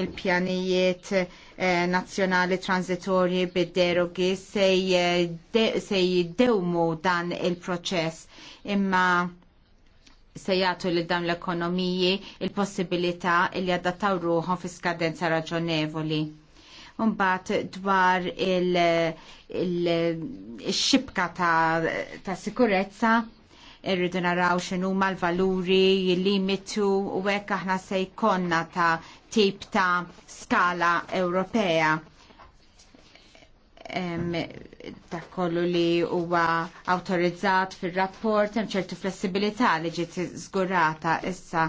il-pjanijiet eh, nazzjonali transitorji bid-derogi se jiddewmu dan il-proċess imma se jagħtu lil dawn l-ekonomiji il-possibilità li jadattaw ruhom fi skadenza raġonevoli. Umbat dwar il-xibka il, il ta', sikurezza, irridu naraw xinu ma l-valuri, il-limitu u hekk aħna se jkollna ta' tip ta' skala Ewropea ta' kollu li huwa autorizzat fil-rapport hemm ċertu flessibilità li ġiet żgurata issa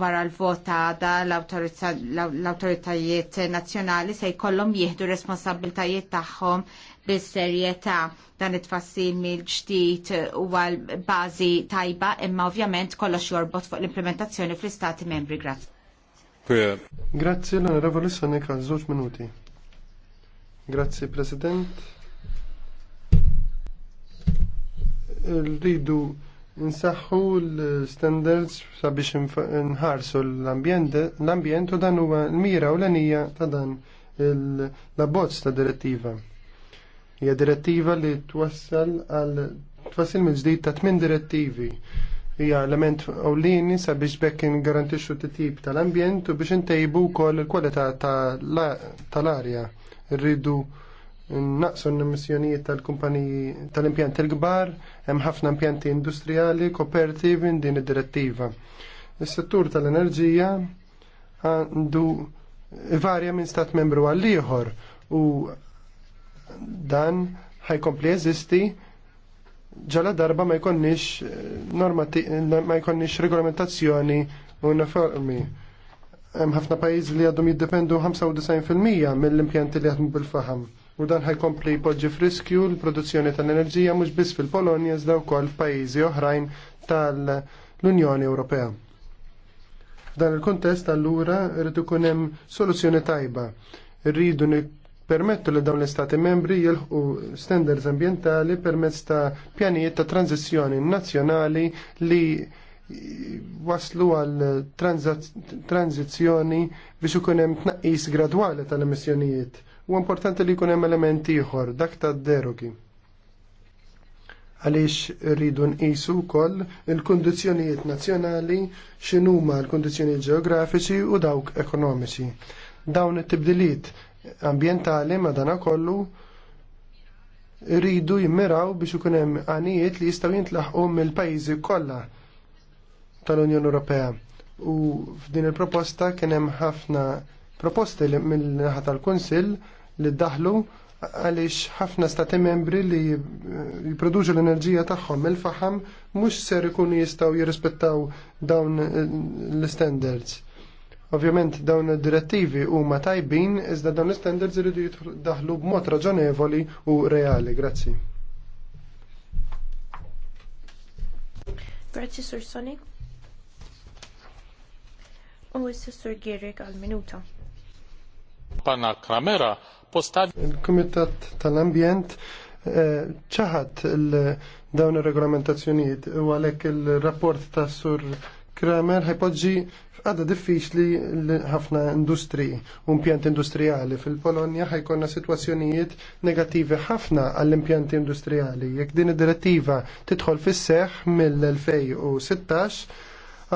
wara l-vota da l-autoritajiet nazzjonali se jkollhom jieħdu responsabiltajiet tagħhom bis-serjetà dan it tfassim mill-ġdid huwa l-bażi tajba imma ovvjament kollox jorbot fuq l-implementazzjoni fl-istati membri. Grazzi. Grazzi l-onorevoli Sonika, żewġ minuti. Grazzi President. Rridu nsaħħu l-standards sabiex nħarsu l-ambjent u dan huwa l-mira u l-anija ta' dan l-abbozz ta' direttiva. Hija direttiva li twassal għal twassil mill-ġdid ta' tmien direttivi. Hija element ewlieni sabiex bekk ingarantixxu titjib tal-ambjent u biex intejbu wkoll il-kwalità tal-arja. Ta rridu naqsu l-emissjonijiet tal-kumpaniji tal-impjanti l-kbar, hemm ħafna impjanti industrijali koperti minn din id-direttiva. Is-settur tal-enerġija għandu varja minn stat membru għal ieħor u dan ħajkompli jeżisti ġala darba ma jkonniex ma jkonniex regolamentazzjoni uniformi hemm ħafna pajjiżi li għadhom jiddependu 95% mill-impjanti li jaħdmu bil-faham. U dan ħajkompli jpoġġi friskju l-produzzjoni tal-enerġija mhux biss fil-Polonja iżda wkoll f'pajjiżi oħrajn tal-Unjoni Ewropea. F'dan il-kontest allura rridu jkun hemm soluzzjoni tajba. Rridu permettu li dawn l-Istati membri jilħu standards ambientali permezz ta' pjanijiet ta' tranzizjoni nazzjonali li waslu għal tranzizjoni biex ikun hemm tnaqqis gradwali tal-emissjonijiet. U importanti li jkun hemm elementi ieħor dak tad-derogi. Għaliex rridu nqisu wkoll il-kundizzjonijiet nazzjonali x'inhuma l-kundizzjonijiet ġeografiċi u dawk ekonomiċi. Dawn it-tibdiliet ambjentali madanakollu rridu jimmiraw biex ikun hemm għanijiet li jistgħu jintlaħqu mill-pajjiżi kollha tal-Unjoni Ewropea. U f'din il-proposta kien hemm ħafna proposti mill-naħa tal-Kunsill li ddaħlu għaliex ħafna stati membri li eh, jipproduċu l-enerġija tagħhom mill-faħam mhux ser ikunu jistgħu jirrispettaw dawn eh, l-standards. Ovvjament dawn id-direttivi huma tajbin iżda dawn l-standards iridu jiddaħlu b'mod raġonevoli u reali. Grazzi. Grazzi Sur Sonic u s-sur Gierig għal-minuta. Pana Kramera, postav. Il-Komitat tal-Ambjent eh, ċaħat dawn il-regolamentazzjonijiet u għalek il-rapport ta' sur Kramer ħajpoġġi f'għada diffiċli ħafna industriji, impjant industrijali. Fil-Polonja ħajkonna situazzjonijiet negativi ħafna għall-impjanti industrijali. Jekk din id-direttiva tidħol fis seħ mill-2016,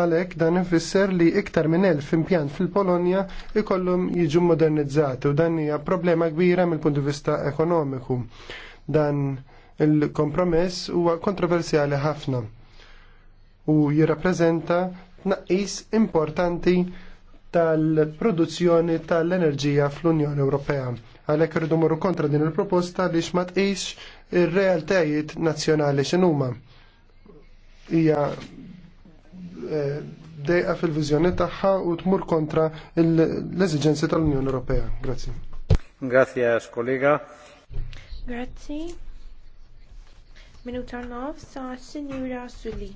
Għalhekk dan ifisser li iktar minn elf impjant fil-Polonja ikollhom jiġu modernizzati u dan hija problema kbira mill-punt vista ekonomiku. Dan il-kompromess huwa kontroversjali ħafna u jirrappreżenta tnaqqis importanti tal-produzzjoni tal-enerġija fl-Unjoni Ewropea. Għalhekk irridu morru kontra din il-proposta li ma tqis ir-realtajiet nazzjonali x'inhuma. Hija Eh, dejqa fil-vizjoni tagħha u tmur kontra l-eżigenzi tal-Unjoni Ewropea. Grazzi. Grazie, kollega. Grazzi. Minuta nof sa' Signora Suli.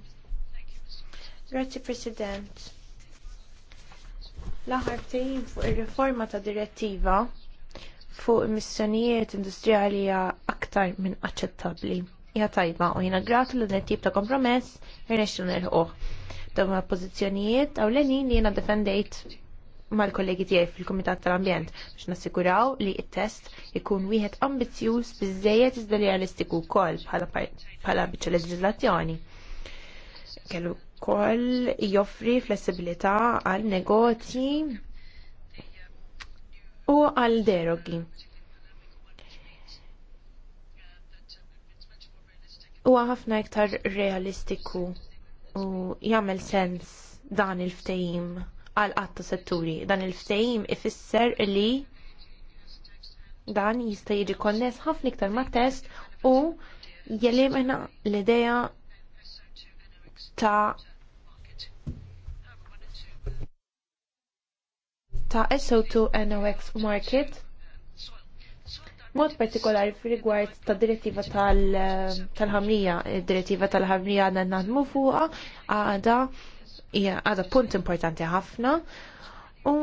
Grazzi, President. L-aħħar fuq ir-riforma ta' direttiva fuq missjonijiet industrijali aktar minn aċċettabbli hija tajba u jiena gratu li dan ta' kompromess irnexxu nilħuh ma' pożizzjonijiet għaw l enin li jena defendejt mal-kollegi tiegħi fil-Kumitat tal-Ambjent biex nassiguraw li il test ikun wieħed ambizzjuż biżejjed iżda realistiku wkoll bħala bieċa leġiżlazzjoni. Kellu wkoll joffri flessibilità għal negozji u għal derogi. Huwa ħafna iktar realistiku u jagħmel sens dan il-ftehim għal qatta setturi. Dan il-ftehim ifisser li dan jista' jiġi konness ħafna iktar ma' test u jelimina l-idea ta' ta' SO2 NOx market mod partikolari fil-rigward ta' direttiva tal-ħamrija, direttiva tal-ħamrija għadna naħdmu fuqa, għada, għada punt importanti ħafna. U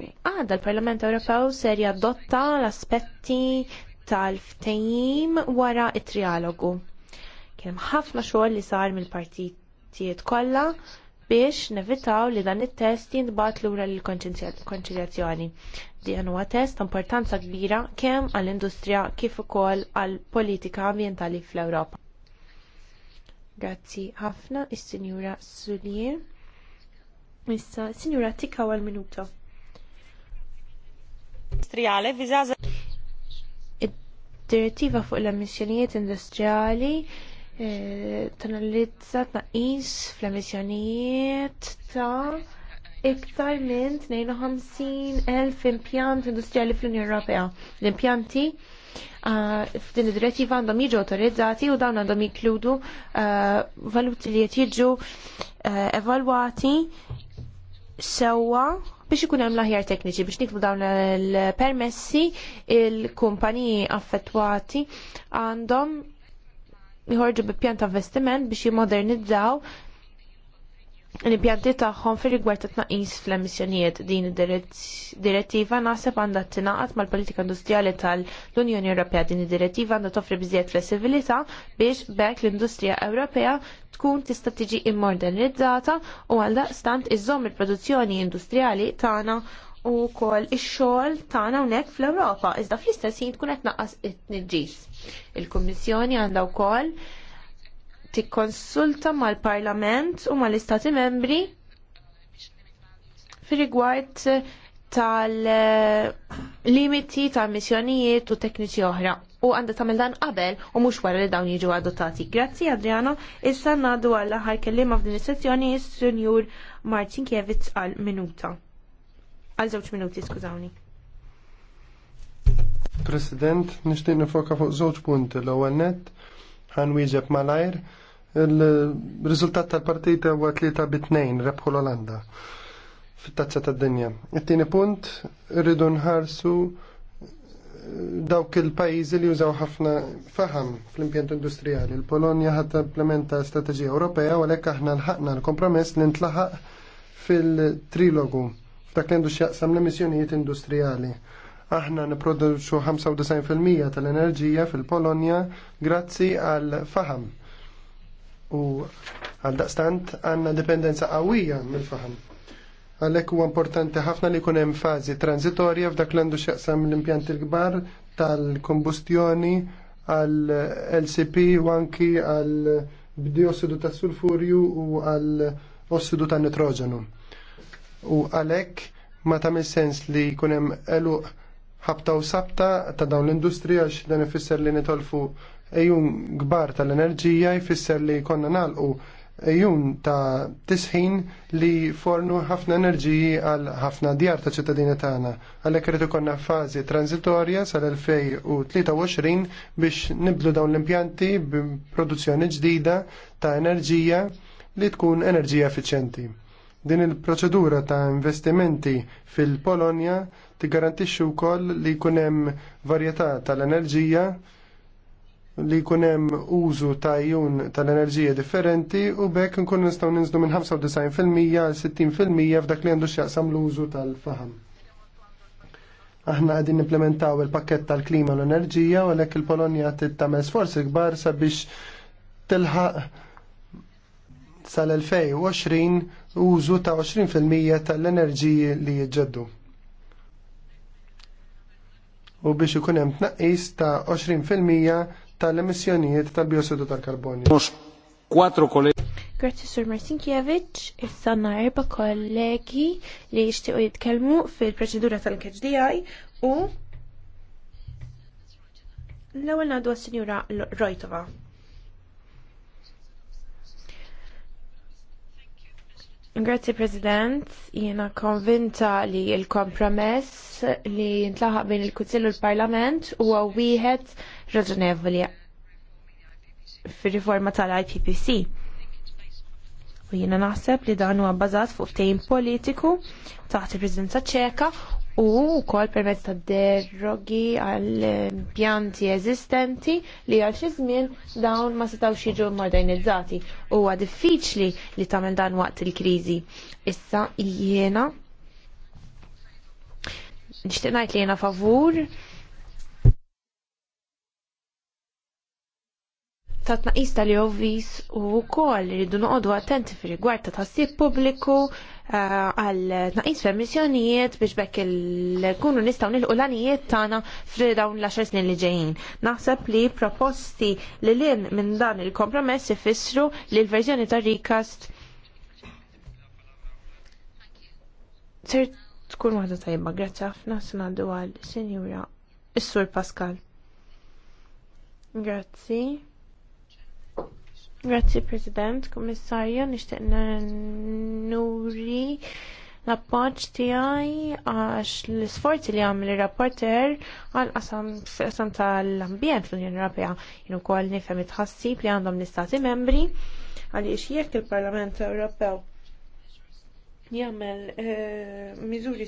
għada l-Parlament Ewropew ser jadotta l-aspetti tal-ftejim wara it-trialogu. Kien ħafna xogħol li sar mill-partitijiet kollha, biex nevitaw li dan it-test jintbat lura l-konċiljazzjoni. Din huwa test importanza kbira kemm għall-industrija kif ukoll għall-politika ambjentali fl-Ewropa. Grazzi ħafna is-Sinjura Sulier. Issa, Sinjura Tika għal minuto. Industrijale Id-direttiva fuq l-emissjonijiet industrijali Eh, tonalizza tnaqis fl-emissjonijiet ta' iktar minn 52,000 impjant industrijali fl-Unjoni Ewropea. L-impjanti ah, f'din id-direttiva għandhom jiġu autorizzati u dawn għandhom jikludu ah, valuti li qed jiġu eh, evalwati sewwa biex ikun hemm l-aħjar tekniċi biex nikbu dawn il-permessi il-kumpaniji affettwati għandhom jħorġu bi pjanta ta' investiment biex jimodernizzaw l-impjanti tagħhom fil rigward ta' tnaqqis fl-emissjonijiet din id-direttiva naħseb għandha tingħaqad mal-politika industrijali tal-Unjoni Ewropea din id-direttiva għandha toffri biżjed flessibilità biex bekk l-industrija Ewropea tkun tista' tiġi immodernizzata u għal stant iżżomm il-produzzjoni industrijali tagħna u wkoll ix-xogħol tagħna hawnhekk fl-Ewropa iżda fl-istess tkun qed naqqas it-tniġġis. Il-Kummissjoni għandha wkoll tikkonsulta mal-Parlament u mal-Istati membri fir-rigward tal-limiti ta' missjonijiet u tekniċi oħra u għanda tamil dan qabel u mux wara li dawn jiġu adottati. Grazzi Adriano, issa nadu għall ħar kellima f'din is-sezzjoni is-Sunjur Martin Kiewicz għal minuta. Għal żewġ minuti, skużawni. President, nixtieq nifoka fuq żewġ punti l-ewwel nett ħan wieġeb malajr. Il-riżultat tal-partita huwa tlieta bit-tnejn rebħu l-Olanda fit-tazza tad-dinja. It-tieni punt rridu nħarsu eh, dawk il-pajjiżi li jużaw ħafna faham fl impjant industrijali. Il-Polonja ħadd implementa strateġija Ewropea u għalhekk aħna lħaqna l-kompromess li ntlaħaq fil-trilogu f'dak li għandu x'jaqsam l-emissjonijiet industrijali. Aħna niproduċu 95% tal-enerġija fil-Polonja grazzi għal faham. U għal daqstant għanna dipendenza qawwija mill-faham. Għalek u importanti ħafna li kunem fazi transitorja f'dak l-għandu xieqsam l-impjanti l-gbar tal-kombustjoni għal LCP u anki għal bdiossidu ta' sulfurju u għal ossidu ta' nitrogenu. U għalek ma ta' sens li kunem eluq ħabta u sabta ta' dawn l-industrija għax dan ifisser li nitolfu ejjun kbar tal-enerġija jfisser li konna nalqu ejjun ta' tisħin li fornu ħafna enerġiji għal ħafna djar ta' ċittadini tagħna. Għalhekk irid ikollna fażi transitorja sal-2023 biex nibdlu dawn l-impjanti b'produzzjoni ġdida ta' enerġija li tkun enerġija effiċjenti. Din il-proċedura ta' investimenti fil-Polonja tigarantixxi wkoll li jkun hemm varjetà tal-enerġija li jkun hemm użu ta' jun tal-enerġija differenti u bekk nkun nistgħu ninżlu minn 95% għal 60% f'dak li għandu x'jaqsam l-użu tal-faham. Aħna qegħdin nimplementaw il-pakkett tal-klima u l-enerġija u għalhekk il-Polonja tagħmel sforzi kbar sabiex tilħaq sal-2020 użu ta' 20% tal-enerġiji li jġeddu. U biex ikun hemm tnaqqis ta' 20% tal-emissjonijiet tal-biossidu tal-karbonju. Grazzi Sur Marcinkiewicz, issa erba kollegi li jixtiequ jitkellmu fil-proċedura tal-KHDI u l-ewwel ngħidu għas-Sinjura Rojtova. Grazzi President, jiena konvinta li il-kompromess li ntlaħaq bejn il-Kunsill u l-Parlament huwa wieħed raġunevoli fir-riforma tal-IPPC. U jiena naħseb li dan huwa bbażat fuq ftehim politiku taħt il-Presidenza ċeka u kol permezz ta' derogi għal eh, pjanti eżistenti li għal xi żmien dawn ma setgħu jiġu modernizzati. Huwa diffiċli li tagħmel dan waqt il-kriżi. Issa jiena nixtieq ngħid li jiena favur ta' tnaqis tal-jovis u wkoll iridu noqogħdu attenti fi rigward ta' tassib pubbliku eh, għal tnaqis fil-missjonijiet biex bekk il-kunu nistgħu nilqu l-anijiet tagħna fri dawn l-10 snin li ġejjin. Naħseb li proposti li lin minn dan il-kompromess ifissru li l-verżjoni ta' rikast ser tkun waħda tajba, grazzi ħafna s-naddu għal Senjura, is-Sur Pascal. Grazzi. Grazzi President, Kummissarju, nishtiq nuri l-appoġġ tiegħi għax l-isforzi li għamil ir-rapporter għal qasam tal-ambjent fl-Unjoni Ewropea. Jien ukoll nifhem it-ħassib li għandhom l-Istati membri għaliex jekk il-Parlament Ewropew jagħmel eh, miżuri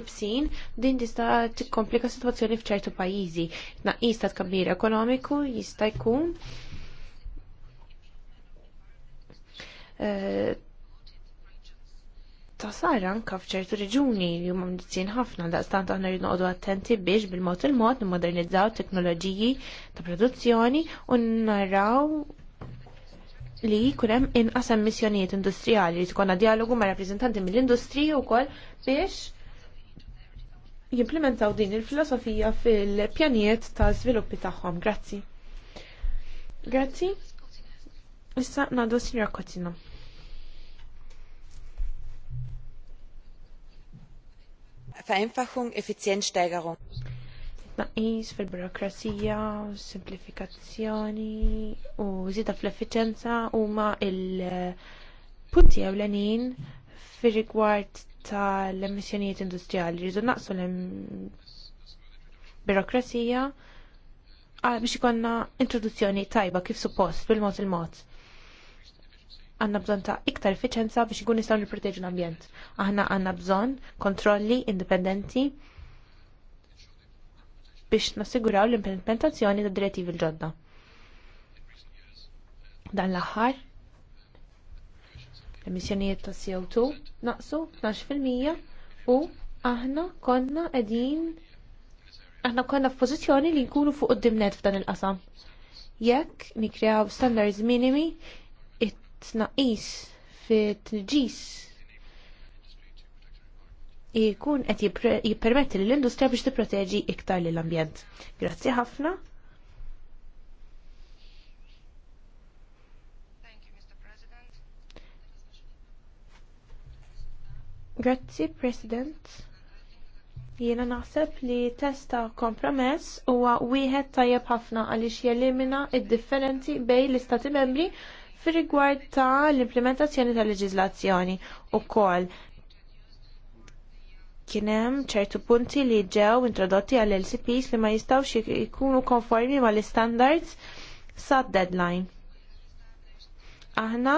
ibsin din tista' tikkomplika sitwazzjoni f'ċertu pajjiżi. Tnaqqis ta' tkabbir ekonomiku jista' jkun Eh, ta' sar anka f'ċertu reġuni li huma mnizzin ħafna daqstant aħna rridu noqogħdu attenti biex bil-mod il-mod nimmodernizzaw teknoloġiji ta' produzzjoni u naraw li jkun hemm inqas emmissjonijiet industrijali li tkunna dialogu ma' rappreżentanti mill-industrija wkoll biex jimplementaw din il-filosofija fil-pjanijiet ta' żviluppi tagħhom. Grazzi. Grazzi. Issa nadu sinjor Kotina. Vereinfachung, Effizienzsteigerung. Naqis fil-burokrazija, simplifikazzjoni u zita fl-effiċenza huma il-punti ewlenin fir-rigward tal-emissjonijiet industrijali. Rridu naqsu l-burokrazija ah, biex ikonna introduzzjoni tajba kif suppost bil-mod il-mod. il mod għanna bżon ta' iktar effiċenza biex ikun nistgħu nipproteġu l-ambjent. Aħna għanna bżon kontrolli indipendenti biex nassiguraw l-implementazzjoni tad direttivi l-ġodda. Dan l-aħħar l-emissjonijiet ta' CO2 naqsu 12% u aħna konna qegħdin aħna konna f'pożizzjoni li nkunu fuq qudiem net f'dan il-qasam. Jekk nikrew standards minimi tnaqis fit-tnġis jkun qed jippermetti lill industrija biex tipproteġi iktar lill ambjent Grazzi ħafna. Grazzi, President. Jiena naħseb li testa kompromess huwa wieħed tajjeb ħafna għaliex jelimina id differenzi bejn l-Istati membri fir rigward ta' l-implementazzjoni tal leġiżlazzjoni u kien hemm ċertu punti li ġew introdotti għall LCPs li ma jistgħux jkunu konformi mal istandards sa' deadline. Aħna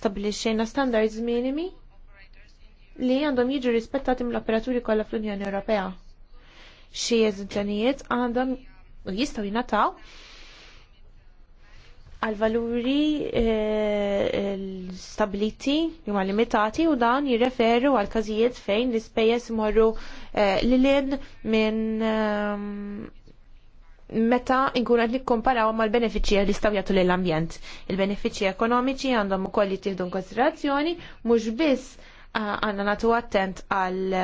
stabilixxejna standards minimi li għandhom jiġu rispettati mill-operaturi kollha fl-Unjoni Ewropea. Xi eżenzjonijiet għandhom jistgħu jingħataw għal-valuri e, eh, stabiliti huma limitati u dan jirreferu għal każijiet fejn l-ispejjeż morru l eh, lilin minn ehm, meta nkun qed nikkomparaw mal-benefiċċji li staw jagħtu lill-ambjent. Il-benefiċċji ekonomiċi għandhom ukoll jittieħdu konsiderazzjoni mhux biss eh, għandna nagħtu attent għal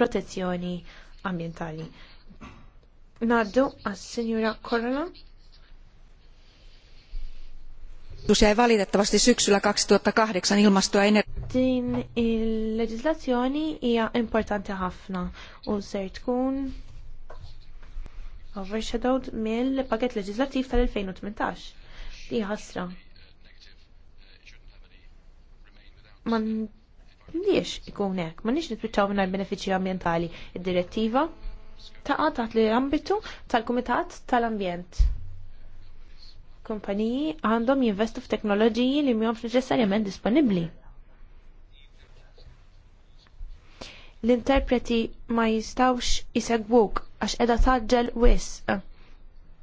protezzjoni ambjentali. Naddu għas-Sinjura Korona. Tuossa jäi valitettavasti syksyllä 2008 ilmasto- ja energia... Din il-leġislazzjoni hija importanti ħafna u ser tkun overshadowed mill paket leġislattiv tal-2018. Di ħasra. Man Liex ikun hekk, ma nix nitwiċċaw minn benefiċċji ambientali. Id-direttiva taqa' taħt l-ambitu tal-Kumitat tal-Ambjent kumpaniji għandhom jinvestu f'teknoloġiji li mhomx neċessarjament disponibbli. L-interpreti ma jistawx jisegwuk għax edha taġġel wis.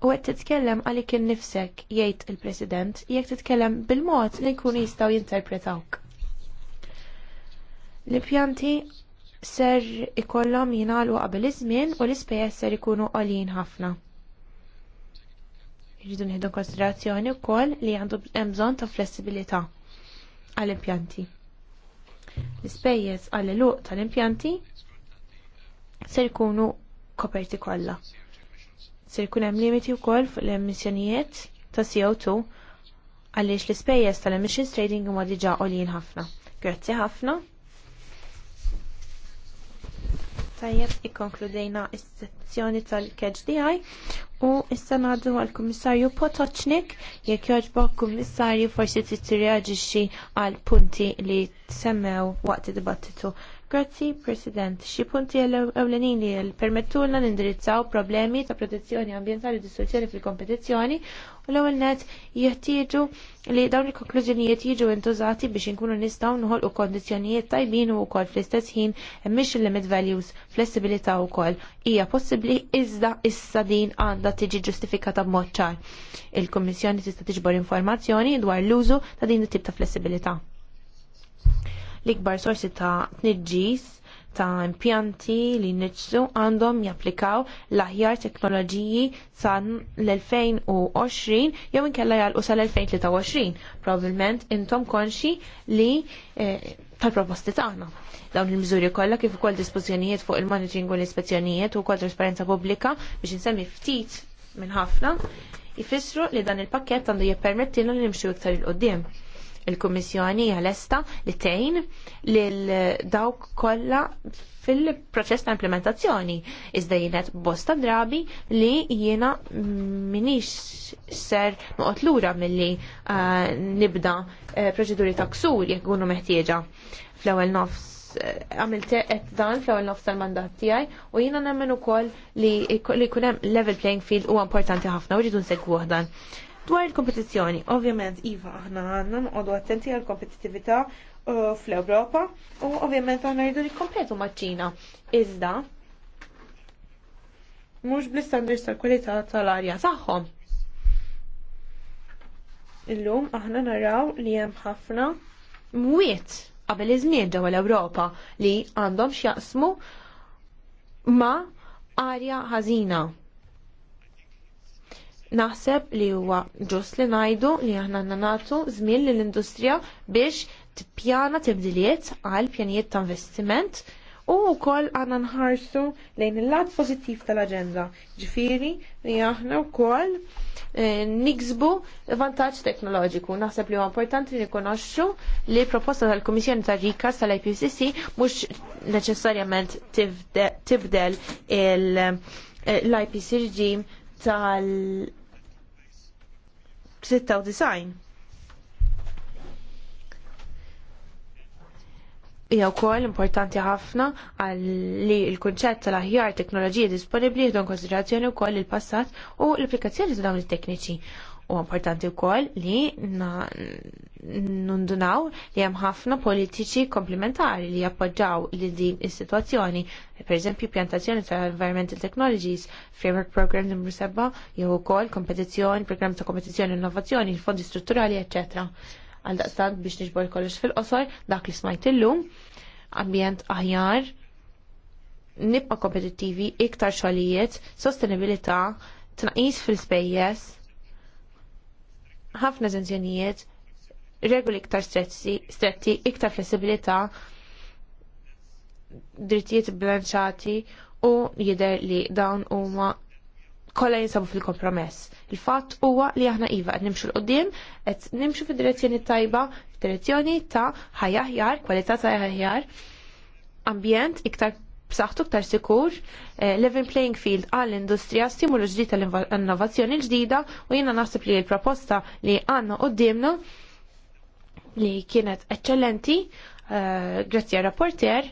U għed titkellem għalik innifsek, jgħid il-President, jekk titkellem bil-mod li jkunu jistaw jinterpretawk. L-impjanti ser ikollhom jingħalqu qabel iż-żmien u l-ispejjeż ser ikunu għoljin ħafna. Jridu nħidu konsiderazzjoni wkoll li għandu hemm bżonn ta' flessibilità għall-impjanti. L-ispejjeż għal luq tal-impjanti ser jkunu koperti kollha. Ser jkun hemm limiti wkoll fuq l-emissjonijiet ta' CO2 għaliex l-ispejjeż tal-emissions trading huma diġà għoljin ħafna. Grazzi ħafna. Tajjeb, ikkonkludejna is-sezzjoni tal-KHDI u issa ngħaddu għall-Kummissarju Potoċnik jekk jogħġbok Kummissarju forsi tittirreaġixxi għal punti li semmew waqt id-dibattitu Grazzi, President. Xi punti ewlenin li permettulna nindirizzaw problemi ta' protezzjoni ambjentali u distruzzjoni fil-kompetizzjoni u l-ewwel net jeħtieġu li dawn il-konklużjonijiet jiġu intużati biex inkunu nistgħu noħolqu kondizzjonijiet tajbin u wkoll fl-istess ħin hemmhix limit values flessibilità wkoll hija possibbli iżda issa din għandha tiġi ġustifikata b'mod ċar. Il-Kummissjoni tista' tiġbor informazzjoni dwar l-użu ta' din it-tip ta' flessibilità. L-ikbar sorsi ta' tniġġis ta' impjanti li nitsu għandhom japplikaw l-aħjar teknoloġiji sa' l-2020 jew inkella jalqu sal 2023 Probabilment intom konxi li eh, tal-proposti tagħna. Dawn il-miżuri kollha kif ukoll dispożizzjonijiet fuq il-monitoring u l-ispezzjonijiet u wkoll trasparenza pubblika biex insemmi ftit minn ħafna, jfissru li dan il-pakkett għandu jippermettilna li nimxu iktar il-qoddim il-Kummissjoni għal-esta li tejn lil dawk kollha fil-proċess ta' implementazzjoni. Iżda jienet bosta drabi li jiena minix ser noqgħod lura milli uh, nibda uh, proċeduri ta' ksur jek għunu meħtieġa fl-ewwel nofs uh, għamilte qed dan fl-ewwel nofs tal-mandat tiegħi u jiena nemmen ukoll li jkun hemm level playing field huwa importanti ħafna u rridu nsegwuh dan. Dwar il-kompetizzjoni, ovvjament Iva aħna għanna nqogħdu attenti għal kompetitività uh, fl-Ewropa u ovvjament aħna rridu nikkompetu maċ-Ċina. Iżda mhux bl-istandards tal-kwalità tal-arja tagħhom. Illum aħna naraw li hemm ħafna mwiet qabel iż-żmien ġewwa l-Ewropa li għandhom x'jaqsmu ma' arja ħażina Naħseb li huwa ġust li ngħidu li aħna nagħtu żmien lill industrija biex tippjana tibdiliet għal pjanijiet ta' investiment u wkoll għandna nħarsu lejn il-lat pożittiv tal-aġenda. Ġifieri li aħna wkoll eh, niksbu vantaġġ teknoloġiku. Naħseb li huwa importanti li nikonoxxu li proposta tal-Kummissjoni ta' Rika tal-IPCC mhux neċessarjament tibdel eh, l regime tal Hija wkoll importanti ħafna għalli li l-kunċett tal-aħjar teknoloġiji disponibbli jieħdu konsiderazzjoni wkoll il-passat u l-applikazzjoni ta' dawn it-tekniċi. U importanti wkoll li nundunaw li hemm ħafna politiċi komplementari li jappoġġaw li din is-sitwazzjoni. Pereżempju pjantazzjoni ta' Environmental Technologies, Framework Program numru 7, jew ukoll kompetizzjoni, programm ta' kompetizzjoni innovazzjoni, fondi strutturali, eċċetera. Għal biex nixbor kollox fil-qosor, dak li smajt illum, ambjent aħjar, nibqa' kompetittivi, iktar xogħlijiet, sostenibilità, tnaqis fil-spejjeż, ħafna zenzjonijiet, regoli iktar stretti, iktar flessibilità, drittijiet bilanċati u jider li dawn huma kollha jinsabu fil-kompromess. Il-fatt huwa li aħna iva qed nimxu l-qudiem, qed nimxu fid-direzzjoni tajba, fid-direzzjoni ta' ħajja ħjar, kwalità ta' ħajja ħjar, ambjent iktar b'saħħtu ktar sikur, eh, level playing field għall-industrija, stimulu ġdid tal-innovazzjoni ġdida u jiena naħseb li l-proposta li għandna qudiemna li kienet eccellenti, eh, grazzi għal rapporter,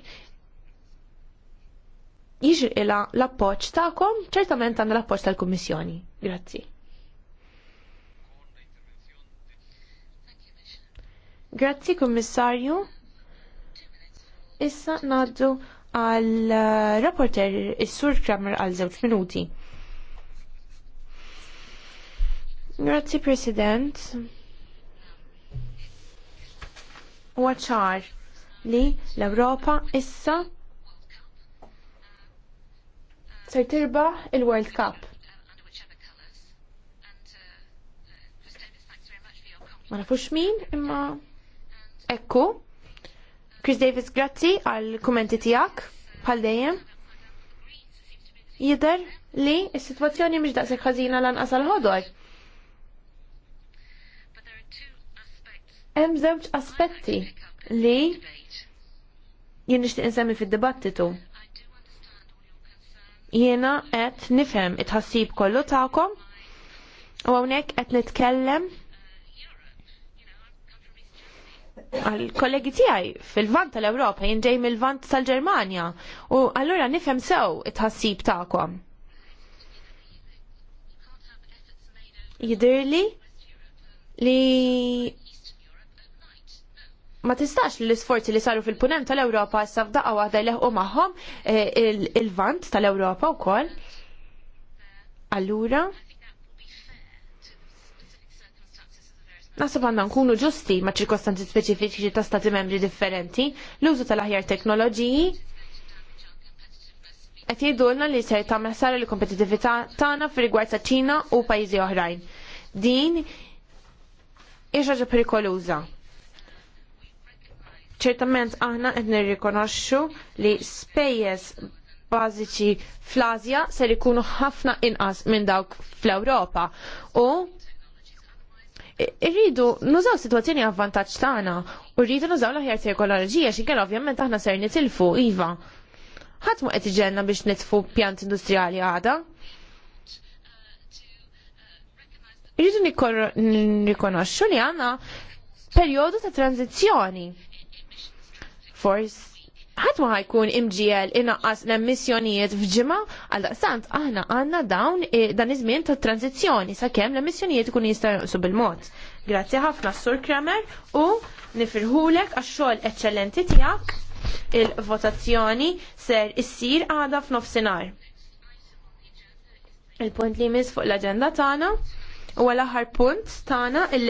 jiġri ila l-appoċ ta'kom, ċertament għandna l-appoċ tal-Kummissjoni. Grazzi. Grazzi, Kommissarju. Issa naddu għal eh, rapporter is-sur Kramer għal żewġ minuti. Grazzi President. Huwa ċar li l-Ewropa issa ser tirba il-World Cup. Ma nafux min, imma ekku. Chris Davis, grazzi għal kummenti tijak, bħal dejjem. Jider li s-situazzjoni mħiġ daqseg ħażina lanqas asal ħodor. Hemm żewġ aspetti li jien nixtieq insemmi fid-dibattitu. Jiena qed nifhem it-ħassib kollu tagħkom u hawnhekk qed nitkellem għal-kollegi tiegħi fil-vant tal-Ewropa jien mil mill-vant tal-Ġermanja u allura nifhem sew it-ħassib tagħkom. Jidirli li ma tistax l-isforzi li saru fil-punem tal s issa f'daqqa waħda jleħqu magħhom eh, il-vant tal-Ewropa wkoll. Allura, Nasab għanna nkunu ġusti ma' ċirkostanzi speċifiċi ta' stati membri differenti, l-użu tal-aħjar teknoloġiji, qed jgħidulna li ser ta' meħsara li kompetitività tagħna fir-rigward ta' Ċina u pajjiżi oħrajn. Din hija ħaġa perikoluża. Ċertament aħna qed nirrikonoxxu li spejjeż bażiċi fl-Asja ser ikunu ħafna inqas minn dawk fl-Ewropa u irridu nużaw situazzjoni avvantaġġ tagħna u rridu nużaw l-aħjar teknoloġija xi ovvjament aħna ser nitilfu iva. Ħadd mu qed iġenna biex nitfu pjant industrijali għada. Irridu nikkonoxxu li għandna perjodu ta' tranzizzjoni. Forse ħadd ma ħajkun imġiel inaqqas l-emissjonijiet għalda għaldaqstant aħna għandna dawn e, dan iż-żmien ta' tranzizzjoni sakemm l-emissjonijiet ikun jista' jonqsu bil-mod. Grazzi ħafna Sur Kramer u nifirħulek għax-xogħol eċċellenti tiegħek il-votazzjoni ser issir għada f'nofsinhar. Il-punt li jmiss fuq l-aġenda tagħna u l-aħħar punt tagħna il